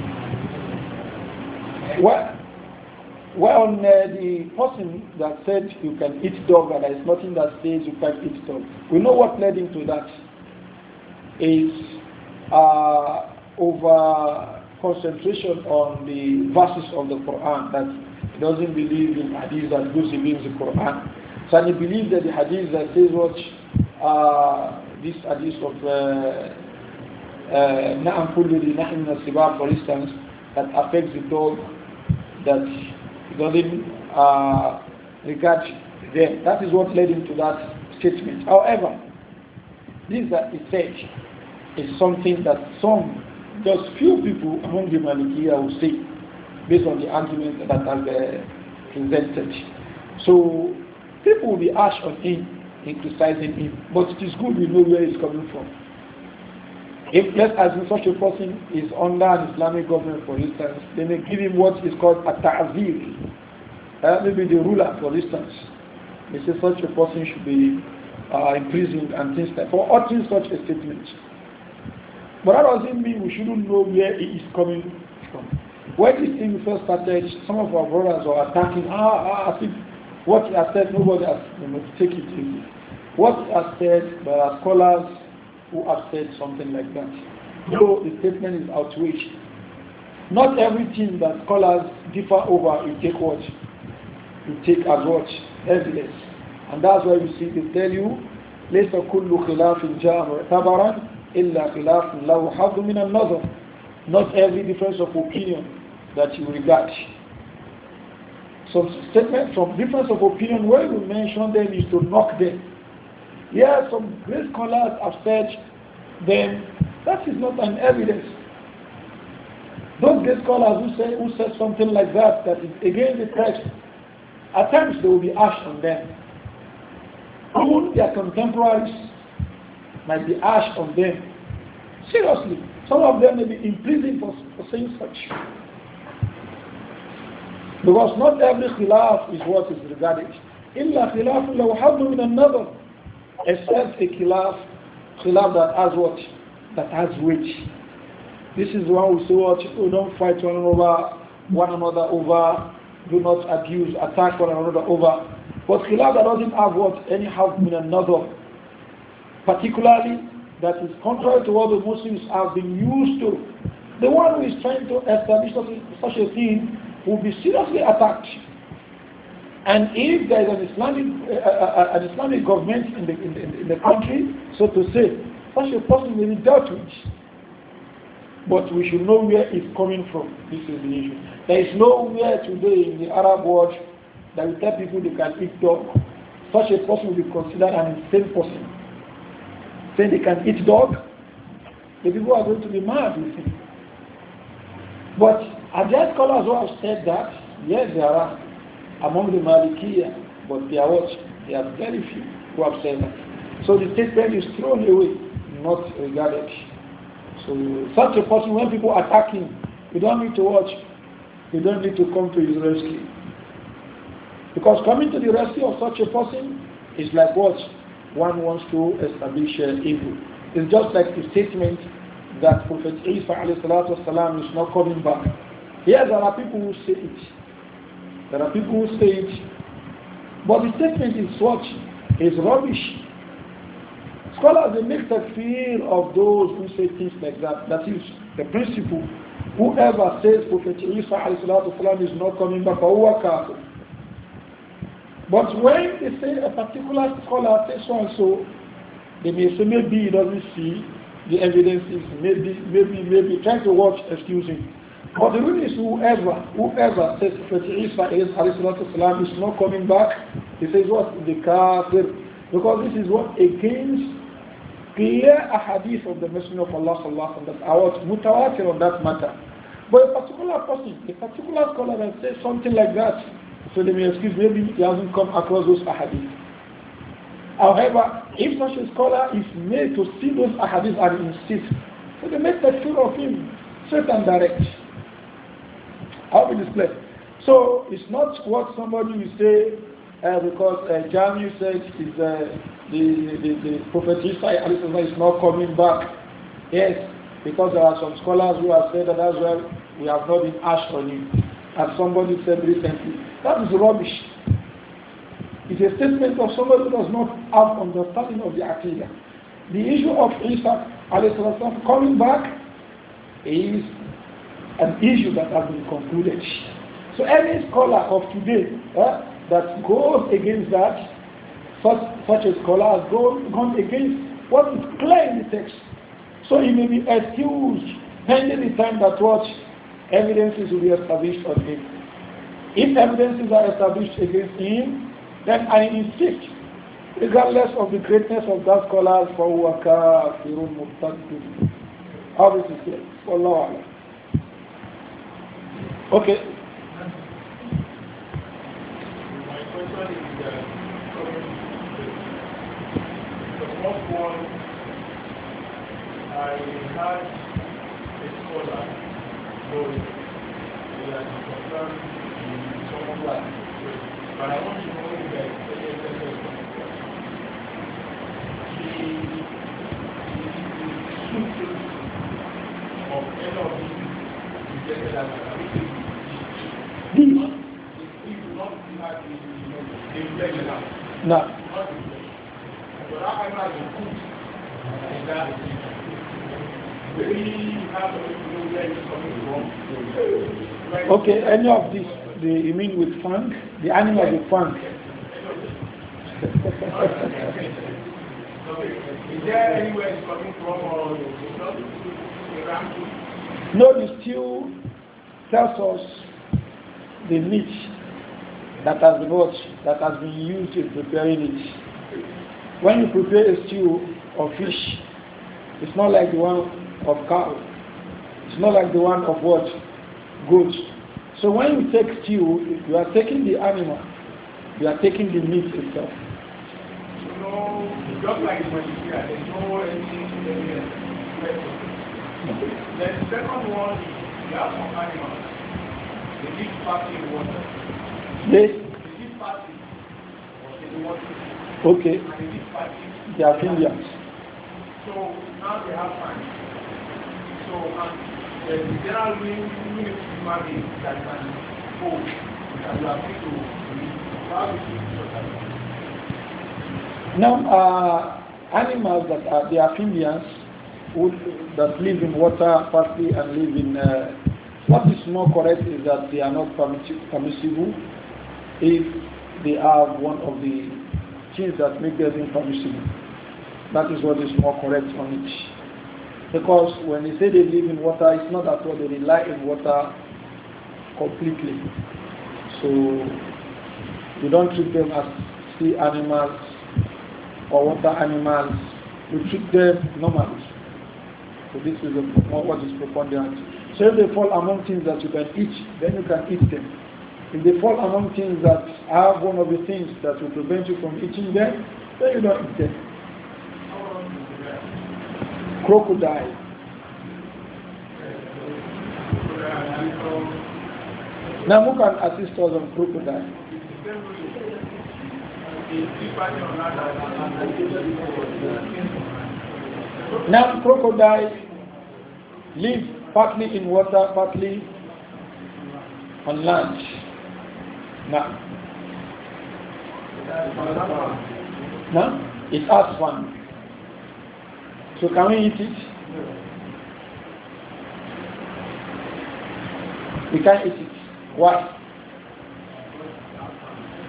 Well, well, on uh, the person that said you can eat dog and there is nothing that says you can't eat dog, we know what led him to that is uh, over concentration on the verses of the Quran that he doesn't believe in hadith that goes against the Quran. So he believes that the hadith that says what uh, this hadith of uh, uh, Na'am Kulli for instance, that affects the dog that he doesn't uh, regard them. That is what led him to that statement. However, this that he said is something that some, just few people among the Malikiya will say based on the arguments that have uh, presented. So people will be harsh on him in criticizing him, but it is good we know where he's coming from. If, let as in such a person is under an Islamic government, for instance, they may give him what is called a ta'zir, uh, maybe the ruler, for instance. They say such a person should be uh, imprisoned and things like that, for uttering such a statement. But that doesn't mean we shouldn't know where it is coming from. When this thing first started, some of our brothers were attacking, ah, ah, as what he has said, nobody has you know, take it easy. What he has said by our scholars who have said something like that. So the statement is outraged. Not everything that scholars differ over you take what? You take as what? Evidence. And that's why we see they tell you, ليس كل خلاف جاء معتبرا إلا خلاف له حظ من النظر. Not every difference of opinion that you regard. Some statement from difference of opinion, when you mention them is to knock them Yes, some great scholars have said "Then That is not an evidence. Those great scholars who say who said something like that that is against the text, at times they will be ash on them. Even their contemporaries might be ash on them. Seriously, some of them may be imprisoned for, for saying such. Because not every khilaf is what is regarded. إلا خلاف لو حظ من النظر a the khilaf, khilaf that has what? That has which. This is one we say what? don't fight one another, one another over, do not abuse, attack one another over. But khilaf that doesn't have what? Any half been another. Particularly, that is contrary to what the Muslims have been used to. The one who is trying to establish such a thing will be seriously attacked. And if there is an Islamic, uh, uh, uh, an Islamic government in the, in the, in, the, country, so to say, such a person will be dealt with. But we should know where it's coming from. This is the issue. There is nowhere today in the Arab world that will tell people they can eat dog. Such a person will be considered an insane person. Say they can eat dog, the people are going to be mad You see. But are there scholars who have said that? Yes, there are among the Malikiya, but they are what? They are very few who have said that. So the statement is thrown away, not regarded. So such a person, when people attack him, you don't need to watch. You don't need to come to his rescue. Because coming to the rescue of such a person is like what? One wants to establish evil. It's just like the statement that Prophet Isa والسلام, is not coming back. Here there are people who say it. There are people who say it. But the statement is what? Is rubbish. Scholars, they make the fear of those who say things like that. That is the principle. Whoever says Prophet Isa والسلام, is not coming back, or kafir. But when they say a particular scholar says so and so, they may say maybe he doesn't see the is maybe, maybe, maybe, trying to watch, excuse him. But the rule is whoever, whoever says Prophet Isa is is not coming back, he says what? The kafir. Because this is what against clear ahadith of the Messenger of Allah sallallahu that I was mutawatir on that matter. But a particular person, a particular scholar that says something like that, so they may excuse maybe he hasn't come across those ahadith. However, if such a scholar is made to see those ahadith and insist, so they make the fear of him certain, direct. How will this play? So it's not what somebody will say uh, because uh, said is, uh, the, the, the prophet Isa is not coming back. Yes, because there are some scholars who have said that as well, we have not been asked on you, As somebody said recently, that is rubbish. It's a statement of somebody who does not have understanding of the Aqidah. The issue of Isaac coming back is an issue that has been concluded. So any scholar of today uh, that goes against that, such, such a scholar has gone, gone against what is clear in the text. So he may be accused pending the time that what evidences will be established on him. If evidences are established against him, then I insist, regardless of the greatness of that scholar, for who are kafirun mubtadin. How this is clear. Okay. My question is that the first one I had a scholar going that confirmed some of that. But I want to know if there is any exception of any of these is No. Okay, any of this, the, you mean with funk? The animal with funk? Is there anywhere it's coming from or not? No, the still tells us the meat that has been that has been used in preparing it. When you prepare a stew of fish, it's not like the one of cow. It's not like the one of what? Goat. So when you take stew, you are taking the animal. You are taking the meat itself. no, just like when you there's no The second one, you have some animals. Yes. Okay. They are Indians. So now they have time. So um, there are many human that can hold that you to Now, uh, animals that are the Athenians would, that live in water, partly and live in uh, what is more correct is that they are not permissible if they have one of the things that make them impermissible. That is what is more correct on it. Because when they say they live in water, it's not at all they rely on water completely. So we don't treat them as sea animals or water animals. We treat them normally. So this is what is preponderant if they fall among things that you can eat, then you can eat them. If they fall among things that have one of the things that will prevent you from eating them, then you don't eat them. Crocodile. Now who can assist us on crocodile? Now crocodile live partly in water, partly on land. Now, now it has one. So can we eat it? We can't eat it. Why?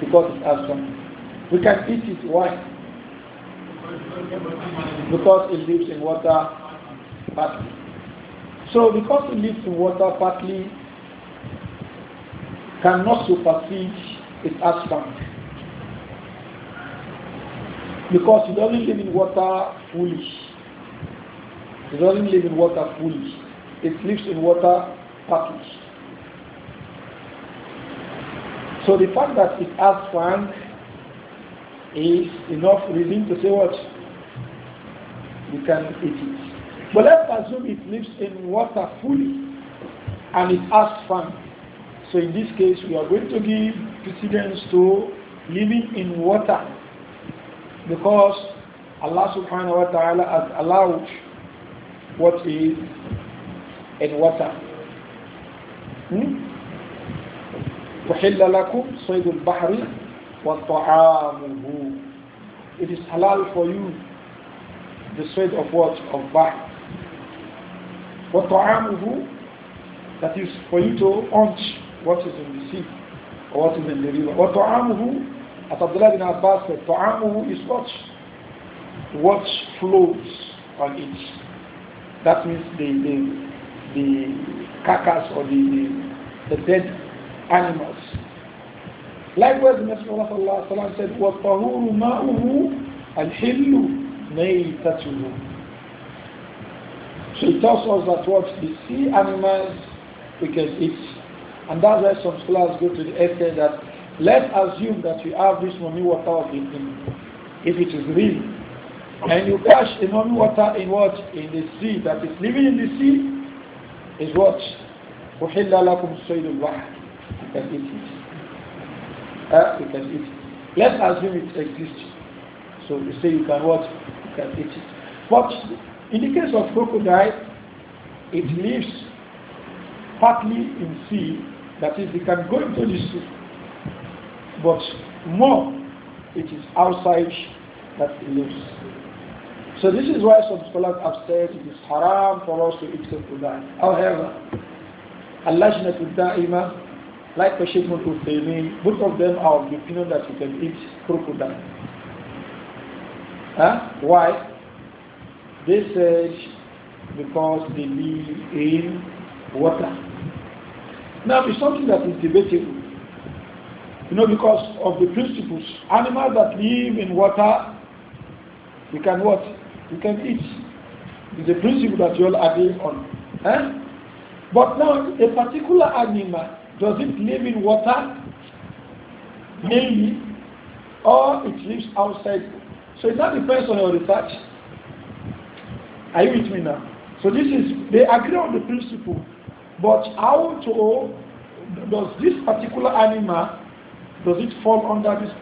Because it has one. We can eat it. Why? Because it lives in water partly. So because it leads to water partly cannot supersede its asphalt. Because it doesn't live in water fully. It doesn't live in water fully. It lives in water partly. So the fact that it has frank is enough reason to say what? You can eat it. But let's assume it lives in water fully and it has fun. So in this case, we are going to give precedence to living in water because Allah subhanahu wa ta'ala has allowed what is in water. Hmm? لكم صيد البحر وطعامه It is halal for you the sweat of what? Of bahr for ta'amuhu, that is for you to hunt what is in the sea or what is in the river. What ta'amuhu, as Abdullah bin Abbas said, ta'amuhu is what? What flows on it. That means the, the, the carcass or the, the, the dead animals. Likewise, the Messenger of Allah said, وَالطَّهُورُ مَاؤُهُ الْحِلُّ مَيْتَتُهُ it tells us that what we see animals, we can eat. And that's why some scholars go to the essay that let's assume that we have this mummy water of the if it is real. And you catch the mummy water in what? In the sea, that is living in the sea is what? أحل لكم الصيد البحر You can eat it. Uh, you can eat it. Let's assume it exists. So you say you can what? You can eat it. But in the case of crocodile, it lives partly in sea, that is, it can go into the sea, but more, it is outside that it lives. So this is why some scholars have said it is haram for us to eat crocodile. However, Al-Lajnatul Da'ima like the Sheikh Mutlu both of them are of the opinion that you can eat crocodile. Huh? Why? They said because they live in water. Now it's something that is debatable. You know, because of the principles, animals that live in water, you can what? You can eat. It's a principle that you all agree on. Eh? But now, a particular animal, does it live in water mainly, or it lives outside? So it now depends on your research. Are you with me now? So this is, they agree on the principle, but how to, does this particular animal, does it fall under this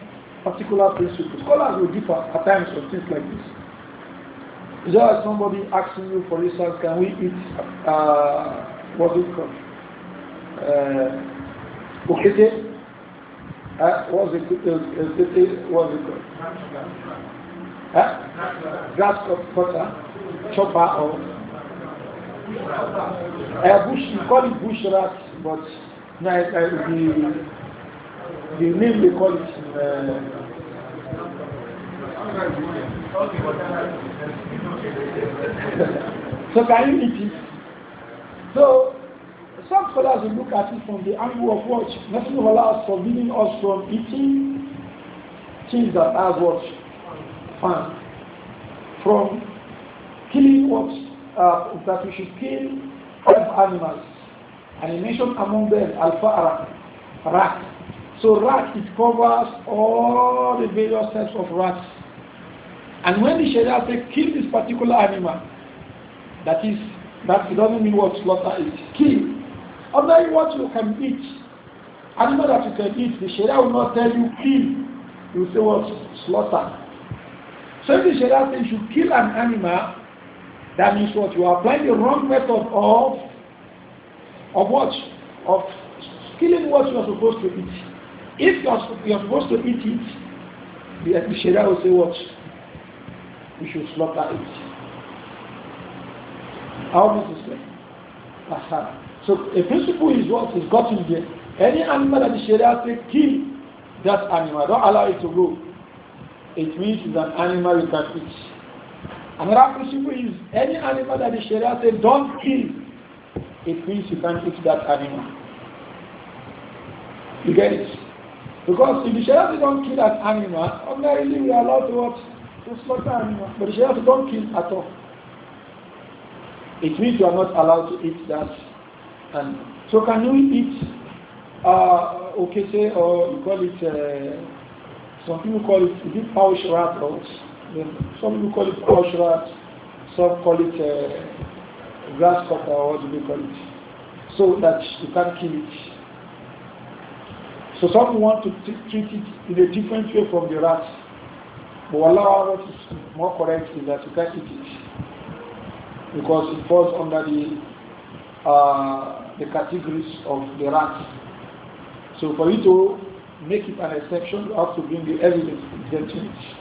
particular principle? Scholars will differ at times on things like this. Is there somebody asking you, for instance, can we eat, uh, what's it called? Uh, okay. Uh, what's it, uh, what's it called? Huh? water chop her off. Uh, bush, you call it bush rat, but no, uh, the, the name they call it. Uh, so can you eat it? So some scholars will look at it from the angle of what nothing of Allah is forbidding us from eating things that have what? Fun. From killing what uh, that we should kill five animals. And he mentioned among them alpha rat. So rat it covers all the various types of rats. And when the Sharia says kill this particular animal, that is that it doesn't mean what slaughter is. Kill. Ordinary what you can eat. Animal that you can eat, the Sharia will not tell you kill. You say what slaughter. So if the Sharia says you should kill an animal, that means what? You are applying the wrong method of, of what? Of killing what you are supposed to eat. If you are, you are supposed to eat it, the, the Sharia will say what? We should slaughter it. How this is like? So a principle is what is got in there. Any animal that the Sharia say kill that animal, don't allow it to go. It means it's an animal you can eat. Another principle is any animal that the Sharia says don't kill, it means you can't eat that animal. You get it? Because if the Sharia says don't kill that animal, ordinarily we are allowed to what? To slaughter animal. But the Sharia says don't kill at all. It means you are not allowed to eat that animal. So can you eat uh, okay, say, or you call it, uh, some people call it, is it pouch rat or some people call it coach rat, some call it uh, grasshopper, or what do they call it? So that you can't kill it. So some want to treat it in a different way from the rat. But Allah, what is more correct is that you can't eat it because it falls under the uh, the categories of the rat. So for you to make it an exception, you have to bring the evidence against it.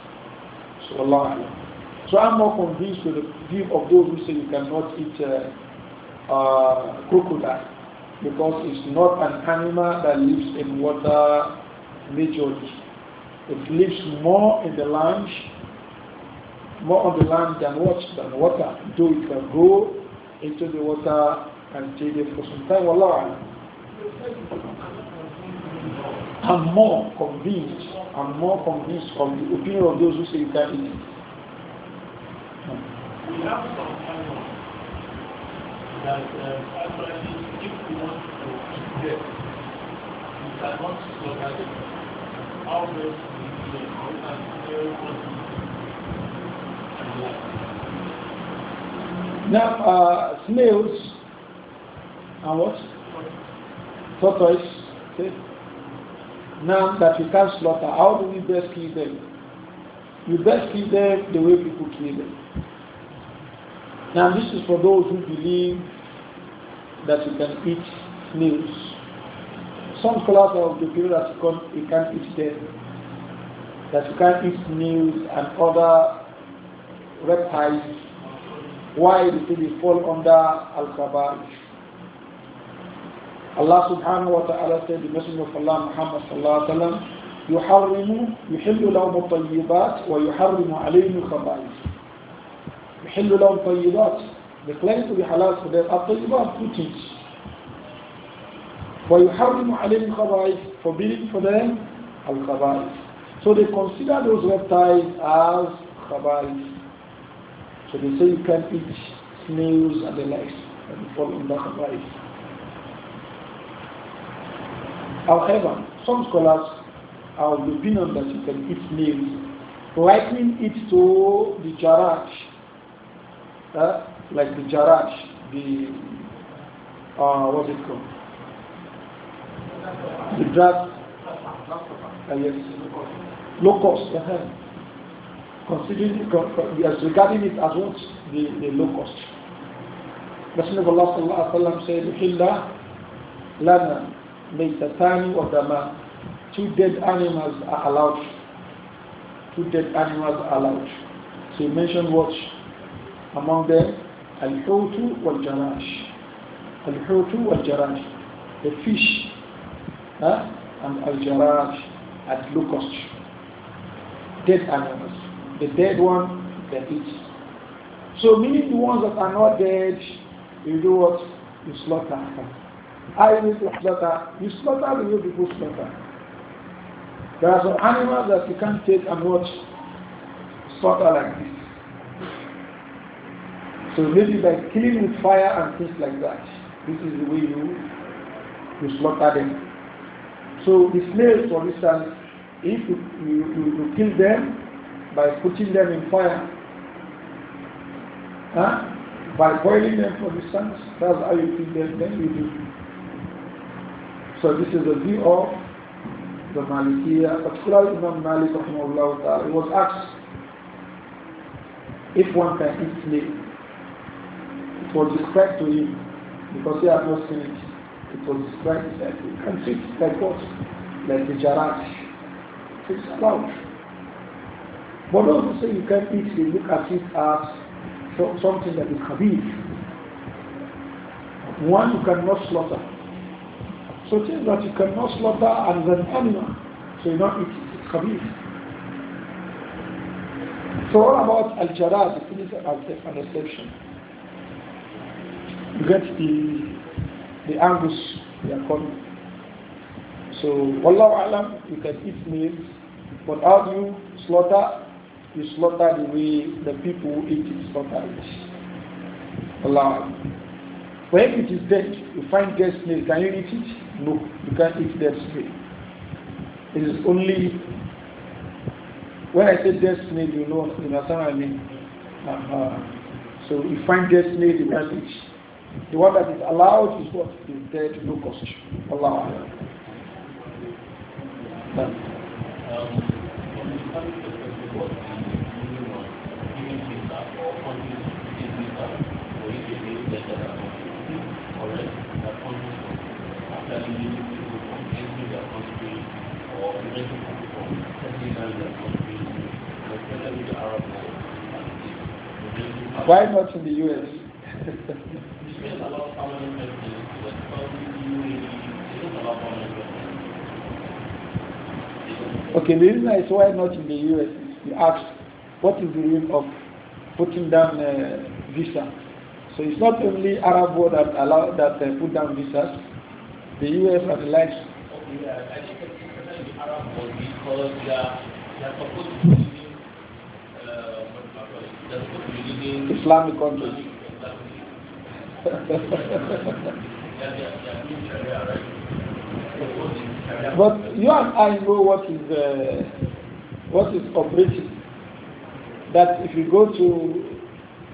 So I'm more convinced with the view of those who say you cannot eat a, uh, uh, crocodile because it's not an animal that lives in water majorly. It lives more in the land, more on the land than what than water. Though it can go into the water and stay there for some time. Allah. I'm more convinced I'm more convinced from the opinion of those who say you can't eat it. That to we can look at it. Now, uh, snails and what? Tortoise. Okay now that we can't slaughter, how do we best kill them? We best kill them the way people kill them. Now this is for those who believe that you can eat snails. Some scholars of the period that you can't, you can't eat them, that you can't eat snails and other reptiles. Why? Because they fall under al-kaba'ir. Allah subhanahu wa ta'ala said, the Messenger of Allah Muhammad sallallahu alayhi wa sallam, يحرم يحل لهم الطيبات ويحرم عليهم الخبائث يحل لهم طيبات the claim to be halal for them are طيبات two things ويحرم عليهم الخبائث forbidding for them الخبائث so they consider those reptiles as خبائث so they say you can eat snails and the likes and fall under خبائث However, some scholars are of the opinion that you can eat nails, likening it to the jarash, eh? uh, like the jarash, the uh, what's it called? The draft, uh, yes, locust. Uh -huh. Considering it, as regarding it as what the, the locust. Messenger of Allah said, of the man, Two dead animals are allowed. Two dead animals are allowed. So you mentioned what? Among them, Al-Hutu wal-Jarash. Al-Hutu wal-Jarash. The fish huh? and Al-Jarash at locust. Dead animals. The dead one, they eat. So meaning the ones that are not dead, you do what? You slaughter I to slaughter. You slaughter the way people slaughter. There are some animals that you can't take and watch slaughter like this. So maybe by killing with fire and things like that, this is the way you, you slaughter them. So the snails, for instance, if you, you, you, you kill them by putting them in fire, huh? by boiling them, for instance, that's how you kill them, then you do so this is the view of the Malikiya, particularly Imam Malik rahimahullah ta'ala. He was asked if one can eat meat. It was described to him because he had no seen it. It was described that you can see it like what? Like the jarrah. It's allowed. But those who say you can eat, they look at it as something that is khabib. One you cannot slaughter. So things that you cannot slaughter as an animal, so you know eat it, khabith. So what about al-jarad, it is an exception. You get the, the angus they are calling. So wallahu alam, you can eat meat, but how do you slaughter? You slaughter the way the people eat it, slaughter it. Allah. When it is dead, you find dead meat. can you eat it? Look, you can't eat It is only when I say death's meal, you know, you understand what I mean. Uh -huh. So you find death's meal, you can't eat. The one that is allowed is what is dead cost. Allah. Um, um leading to comprehensive responsibility or preventing from people down their responsibility, especially the Arab world. Why not in the US? Okay, the reason is why not in the US is you ask, what is the reason of putting down uh, visa? So it's not only Arab world that allow that uh, put down visas, the US and the likes. Islamic countries. but you and I know what is uh, what is operating. That if you go to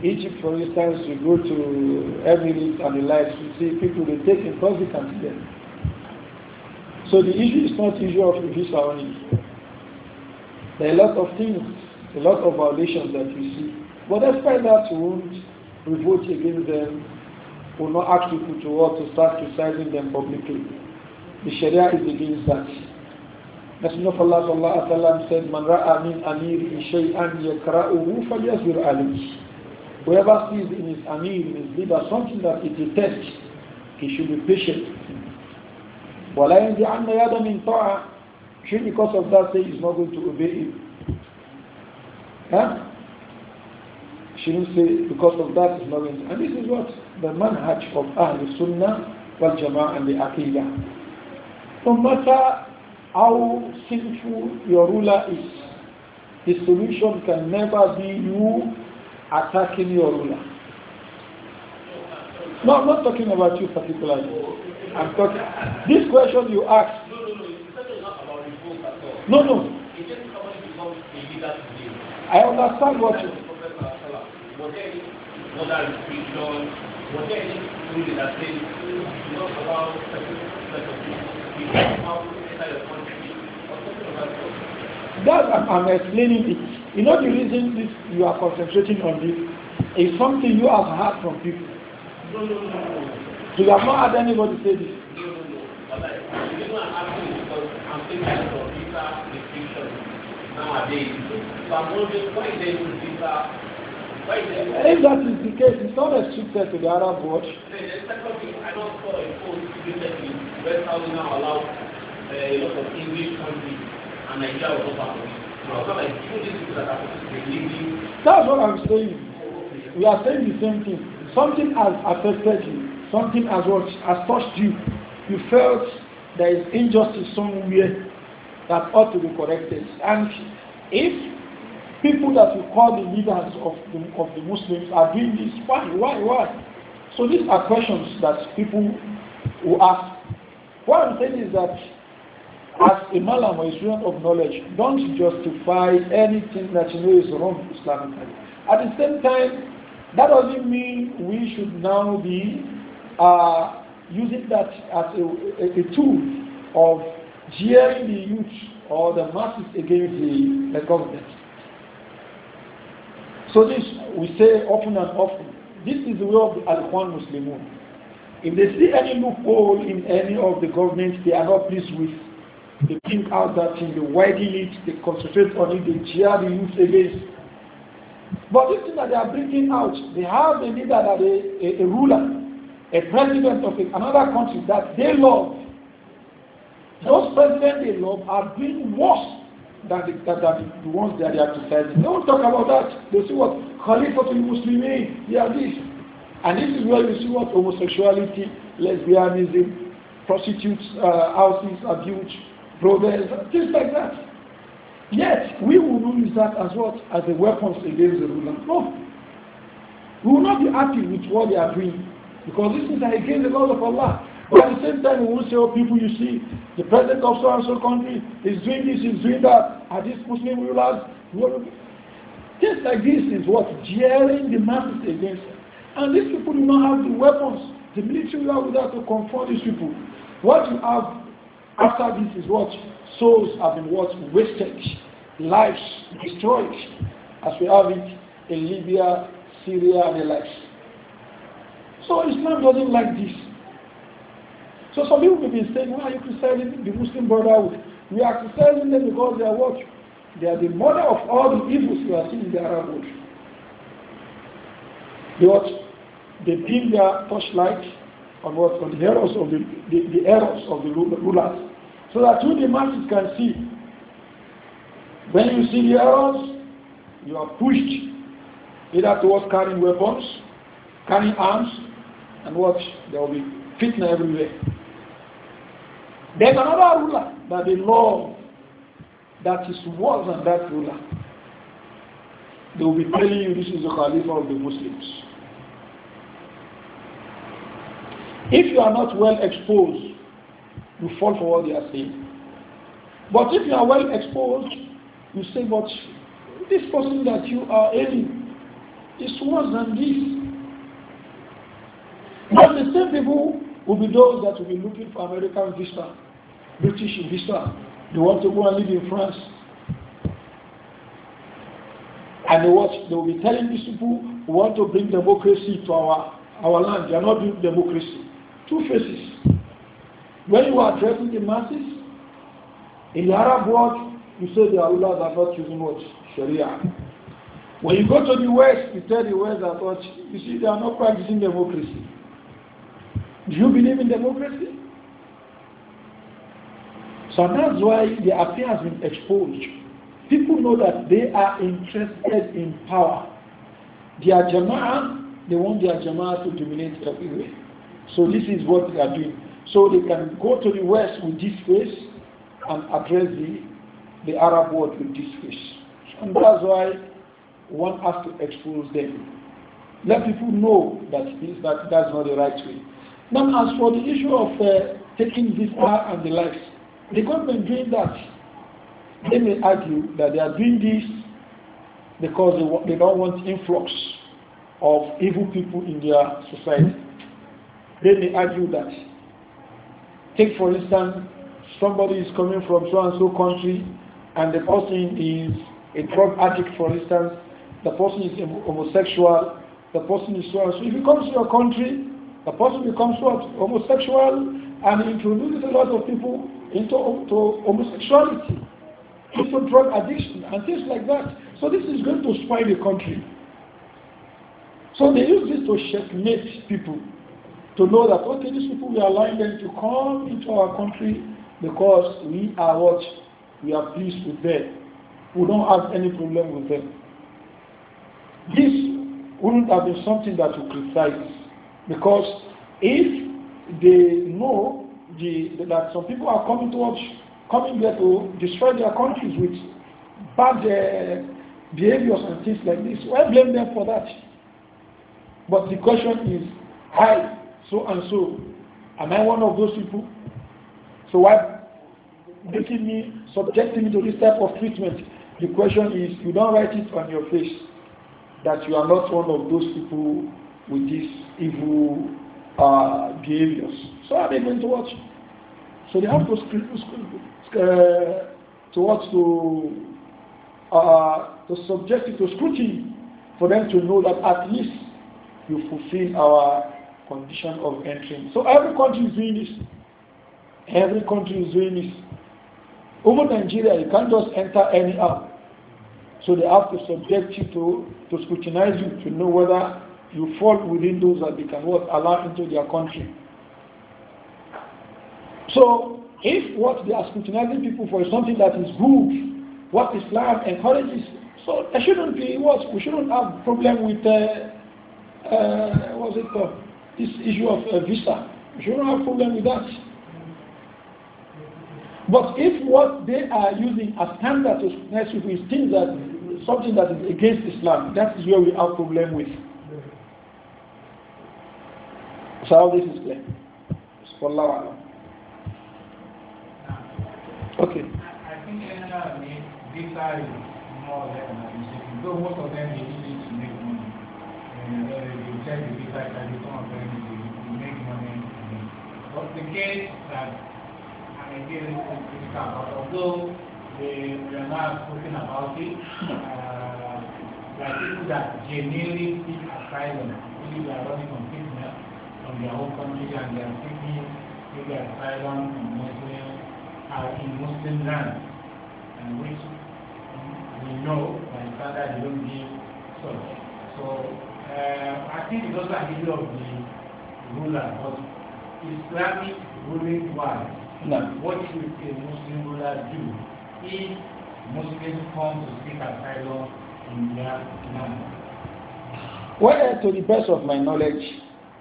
Egypt, for instance, you go to Emirates and the likes, you see people they take intoxicants there. So the issue is not issue of visa only. There are a lot of things, a lot of violations that we see. But despite that, we won't revolt against them, we will not ask people to to start criticizing them publicly. The Sharia is against that. Messenger of Allah sallallahu alaihi wasallam said, "Man ra'a min amir shay'an yakra'uhu falyasbir alayh." Whoever sees in his amir, in his leader, something that he detests, he should be patient وَلَا يَنْزِعَنَّ yada min طَاعَةٍ She, because of that, say is not going to obey him. Huh? She didn't say, because of that, not going to. And this is what the manhaj of Ahl Sunnah wal Jama'ah and the Aqidah. No matter how sinful your ruler is, the solution can never be you attacking your ruler. No, I'm not talking about you particularly. I'm talking. This question you ask. No, no, no. It's not about the book at all. No, no. It just somebody becomes the leader today. I understand what you. Was there any other restriction? Was there any rule that says not allow certain certain people out inside the country or something of that sort? That I'm, I'm explaining it. You know the reason this, you are concentrating on this is something you have heard from people. No, no, no. no. You have not had anybody say this. If that is the case, it's not restricted to the Arab watch. That's what I'm saying. We are saying the same thing. Something has affected you something has, what, has touched you. You felt there is injustice somewhere that ought to be corrected. And if people that you call the leaders of the, of the Muslims are doing this, why, why, why? So these are questions that people will ask. What I'm saying is that as a Malam or a student of knowledge, don't justify anything that you know is wrong Islamically. At the same time, that doesn't mean we should now be uh, using that as a, a, a tool of jeering the youth or the masses against the, the government. So this we say often and often. This is the way of the Al-Quran Muslim. If they see any loophole in any of the governments they are not pleased with, they bring out that in they widen it, they concentrate on it, they cheer the youth against. But this thing that they are bringing out, they have a leader that is a, a ruler a president of another country that they love, those presidents they love are doing worse than the, than, than the ones that they are criticizing. They won't talk about that. They see what Khalifa to Muslimin, they are this. And this is where you see what homosexuality, lesbianism, prostitutes, uh, houses, abuse, brothers, things like that. Yet, we will not use that as what? As a weapon against the ruler. No. We will not be happy with what they are doing. Because this is against the laws of Allah. But at the same time, we will say, oh, people, you see, the president of so and so country is doing this, is doing that. Are these Muslim rulers? Just like this is what? Jeering the masses against them. And these people do not have the weapons. The military will without to confront these people. What you have after this is what? Souls have been what? Wasted. Lives destroyed. As we have it in Libya, Syria, and the likes. So Islam doesn't like this. So some people may be saying, why are you criticizing the Muslim Brotherhood? We are criticizing them because they are what? They are the mother of all the evils you are seeing in the Arab world. They what? They pin their torchlight on what? On the errors of the, the, the errors of the rulers. So that you the masses can see. When you see the errors, you are pushed either towards carrying weapons, carrying arms, and watch, there will be fitna everywhere. There's another ruler that they love that is worse than that ruler. They will be telling you this is the Khalifa of the Muslims. If you are not well exposed, you fall for what they are saying. But if you are well exposed, you say, but this person that you are aiming is worse than this. But the same people will be those that will be looking for American visa, British visa. They want to go and live in France. And they, watch, they will be telling these people, we want to bring democracy to our, our land. They are not doing democracy. Two faces. When you are addressing the masses, in the Arab world, you say the Allahs are not using what? Sharia. When you go to the West, you tell the West that what? You see, they are not practicing democracy. Do you believe in democracy? So that's why the affair has been exposed. People know that they are interested in power. Their jama'ah, they want their jama'ah to dominate everywhere. So this is what they are doing. So they can go to the West with this face and address the, the Arab world with this face. And that's why one has to expose them. Let people know that this, that that's not the right way. Now, as for the issue of uh, taking this car and the likes, the government doing that, they may argue that they are doing this because they, they don't want influx of evil people in their society. They may argue that. Take, for instance, somebody is coming from so and so country and the person is a drug addict, for instance, the person is homosexual, the person is so and so. If he comes to your country, the person becomes what? Homosexual and introduces a lot of people into to homosexuality, into drug addiction and things like that. So this is going to spoil the country. So they use this to checkmate people to know that okay, these people we are allowing them to come into our country because we are what we are pleased with them. We don't have any problem with them. This wouldn't have been something that you criticize. Because if they know the, that some people are coming towards, coming there to destroy their countries with bad uh, behaviors and things like this, why blame them for that? But the question is, hi, so and so, am I one of those people? So why making me, subjecting me to this type of treatment? The question is, you don't write it on your face that you are not one of those people with this evil uh, behaviors. So are they going to watch? So they have to uh, to watch to uh, to subject it to scrutiny for them to know that at least you fulfill our condition of entering. So every country is doing this. Every country is doing this. Over Nigeria, you can't just enter anyhow. So they have to subject you to, to scrutinize you to know whether you fall within those that they can what allow into their country. So if what they are scrutinizing people for is something that is good, what Islam encourages, so there shouldn't be what we shouldn't have problem with uh, uh, what's it called? This issue of uh, visa. We shouldn't have problem with that. But if what they are using as standard to scrutinize people is things that something that is against Islam, that is where we have problem with. So all this is clear. Wallahu alam. Okay. I think Canada made data more than administration. Though most of them they need to make money. And uh, you check the data and you come up make money. But the case that I mean, is critical, but although we are not talking about it, like uh, people that genuinely seek asylum, really are running on ìyàwó kọ́ńtírì and their family need asylum in Muslim are in Muslim land and which um, we know my father they don't give such. So uh, I think it's also an issue of the ruler but Islamic ruling wise. No. What should a Muslim ruler do if Muslims come to seek asylum in their land? Well, to the best of my knowledge,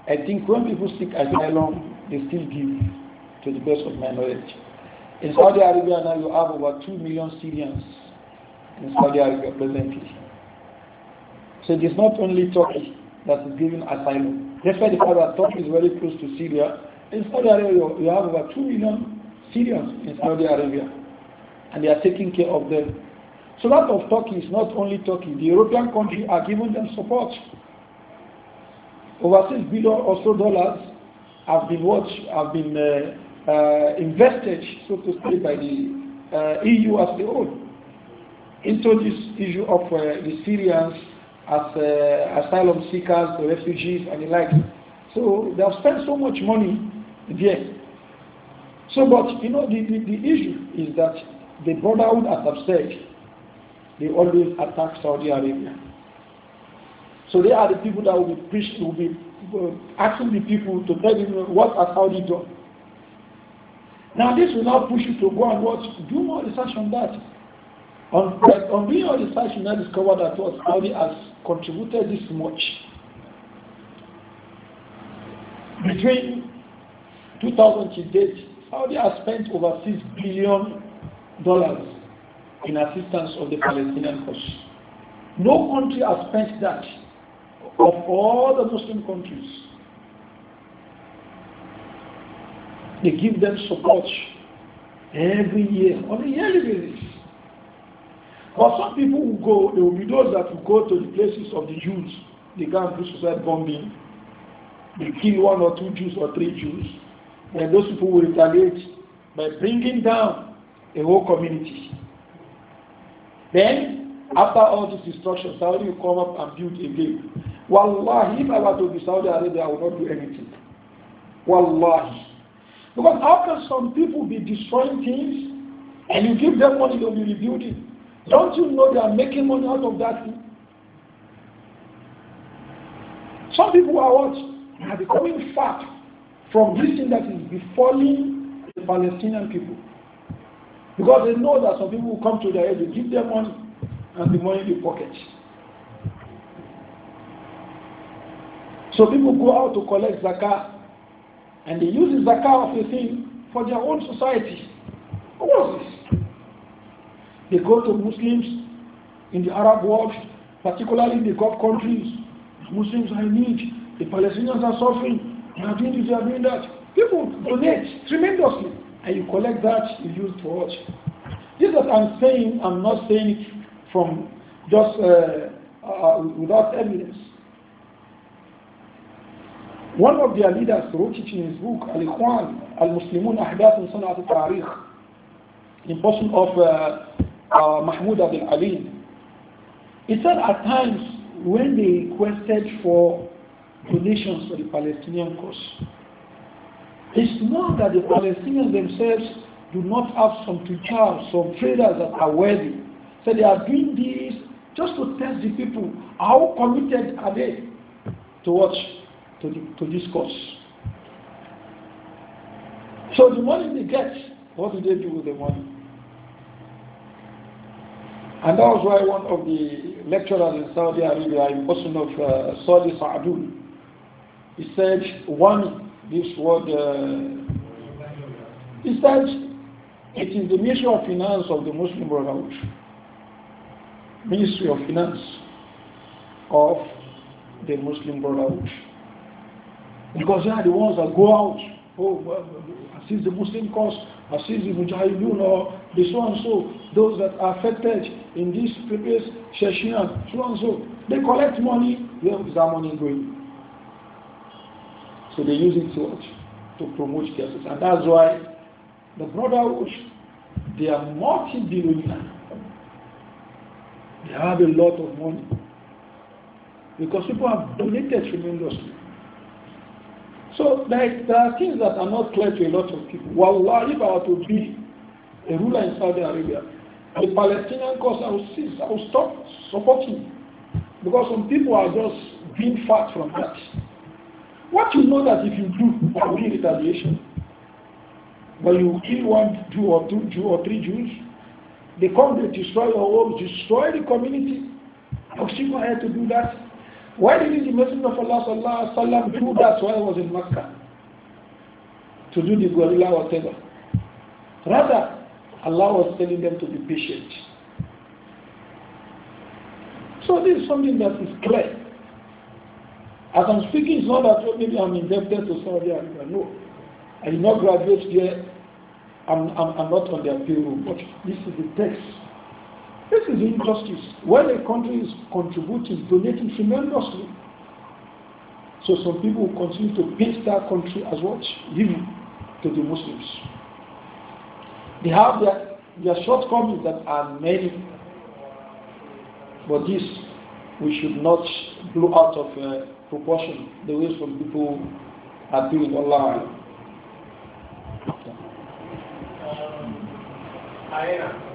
I think when people seek asylum, they still give, to the best of my knowledge. In Saudi Arabia now, you have over 2 million Syrians in Saudi Arabia presently. So it is not only Turkey that is giving asylum. That's why the fact that Turkey is very close to Syria, in Saudi Arabia, you have over 2 million Syrians in Saudi Arabia, and they are taking care of them. So that of Turkey is not only Turkey. The European countries are giving them support. Over 6 billion or so dollars have been watched, have been uh, uh, invested, so to speak, by the uh, EU as a whole into this issue of uh, the Syrians as uh, asylum seekers, the refugees, and the like. So they have spent so much money there. So, but you know, the, the, the issue is that the Brotherhood, as I've said, they always attack Saudi Arabia. So they are the people that will be preaching, will be uh, asking the people to tell them what has Saudi done. Now this will not push you to go and watch, do more research on that. On, on doing your research, you now discover that what Saudi has contributed this much. Between 2000 to date, Saudi has spent over $6 billion in assistance of the Palestinian cause. No country has spent that of all the Muslim countries. They give them support every year, on a yearly basis. But some people will go, there will be those that will go to the places of the Jews. They go and do suicide bombing. They kill one or two Jews or three Jews. And those people will retaliate by bringing down a whole community. Then, after all this destruction, Saudi will come up and build again. Wallahi, if I were to be Saudi Arabia, I would not do anything. Wallahi. Because how can some people be destroying things and you give them money, they'll be rebuilding? Don't you know they are making money out of that thing? Some people are what? Are becoming fat from this thing that is befalling the Palestinian people. Because they know that some people will come to their aid, they give them money, and the money in the pocket. So people go out to collect zakah and they use the zakah of the thing for their own society. What was this? They go to Muslims in the Arab world, particularly in the Gulf countries. Muslims are in need. The Palestinians are suffering. They are doing this, they are doing that. People donate tremendously. And you collect that, you use for what? This what I'm saying, I'm not saying it from just uh, uh, without evidence. One of their leaders wrote it in his book, Al-Ikhwan, Al-Muslimun Ahdath al Tariq, in person of uh, uh, Mahmoud Abdul Ali. He said at times when they requested for donations for the Palestinian cause, it's not that the Palestinians themselves do not have some teachers, some traders that are worthy. So they are doing this just to test the people. How committed are they to to, to this cause. So the money they get, what do they do with the money? And that was why one of the lecturers in Saudi Arabia, a person of uh, Saudi Sa'adun, he said, one, this word, uh, he said, it is the Ministry of Finance of the Muslim Brotherhood, Ministry of Finance of the Muslim Brotherhood. Because they are the ones that go out, oh, assist the Muslim cause, assist the Mujahideen or the so and so, those that are affected in this previous Sheshian, so and so. They collect money, where is that money going? So they use it to, to promote their And that's why the brotherhood, they are multi-billionaire. They have a lot of money. Because people have donated tremendously. So there are things that are not clear to a lot of people. Wallah, if I were to be a ruler in Saudi Arabia, the Palestinian cause, I will cease, I will stop supporting. Because some people are just being fat from that. What you know that if you do, there will be retaliation. But you kill one Jew or two Jew or three Jews, they come, they destroy your home, destroy the community. How still go ahead to do that. Why didn't the Messenger of Allah sallallahu alaihi wasallam do that while he was in Mecca? To do the gorilla or whatever. Rather, Allah was telling them to be patient. So this is something that is clear. As I'm speaking, it's not that maybe I'm indebted to Saudi Arabia. No. I did not graduate here. I'm, I'm, I'm not on their payroll. But this is the text this is injustice. While a country is contributing, donating tremendously, so some people will continue to paint that country as what? Even to the Muslims. They have their, their shortcomings that are many. But this we should not blow out of uh, proportion the way some people are doing online. Um, I am.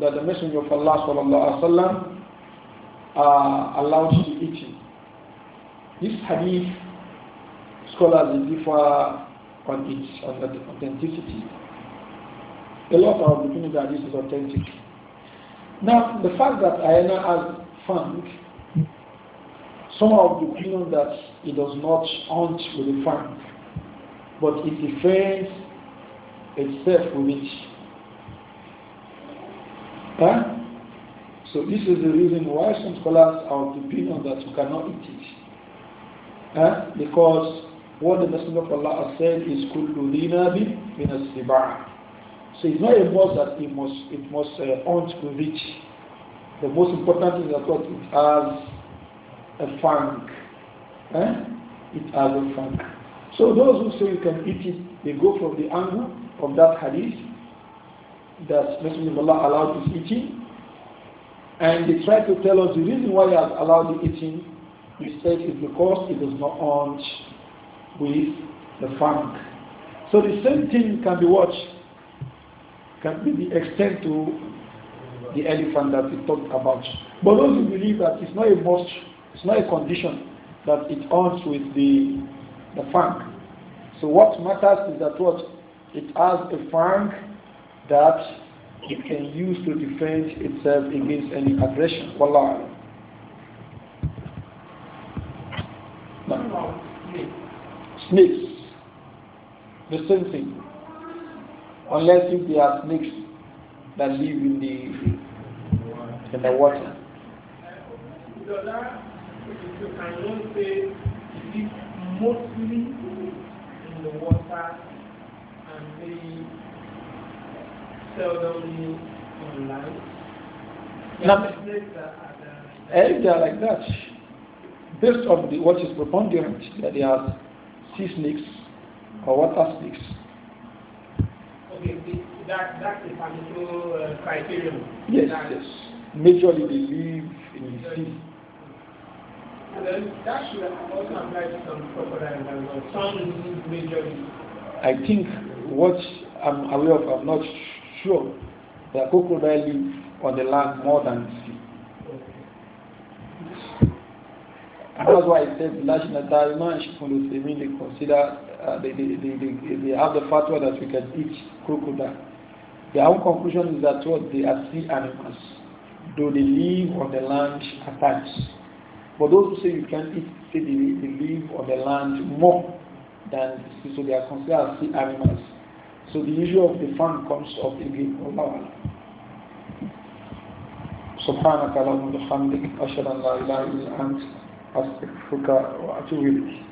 that the Messenger of Allah sallallahu alaihi wasallam uh, allowed to eat This hadith scholars differ on its authenticity. A lot of opinion that this is authentic. Now, the fact that Ayana has found some of the opinion that it does not hunt with the fang, but it defends itself with it. Huh? So this is the reason why some scholars are of the opinion that you cannot eat it. Huh? Because what the Messenger of Allah has said is kullu dinabi min So it's not a must that it must it must uh, hunt with The most important is that it has a funk. It has a funk. So those who say you can eat it, they go from the angle of that hadith that Messenger of Allah allowed this eating. And they tried to tell us the reason why he has allowed the eating, we said is because it does not hunt with the funk. So the same thing can be watched, can be extended to the elephant that we talked about. But those who believe that it's not a must, it's not a condition that it hunts with the the funk. So what matters is that what it has a funk that it can use to defend itself against any aggression. Wallah. No. Snakes. The same thing. Unless if they are snakes that live in the in the water. mostly in the water and seldomly online. Now, if they are like that, based on the, what is preponderant, that they are sea snakes or water snakes. Okay, that, that's a particular uh, criterion. Yes, that yes. Majorly they live in the sea. And then that should also apply to some crocodiles as well. Some majorly. I think what I'm aware of, I'm not sure the crocodile live on the land more than the sea. And that's why it says National Diamond Shikun Uthimin, consider, uh, they, they, they, they, have the fatwa that we can eat crocodile. Their own conclusion is that what they are sea animals, though they live on the land at times. But those who say you can eat, say they, they live on the land more than the sea, so they are considered as sea animals. So the issue of the fund comes up again. Allah Allah. سبحانك اللهم وبحمدك أشهد أن لا إله إلا أنت أستغفرك وأتوب إليك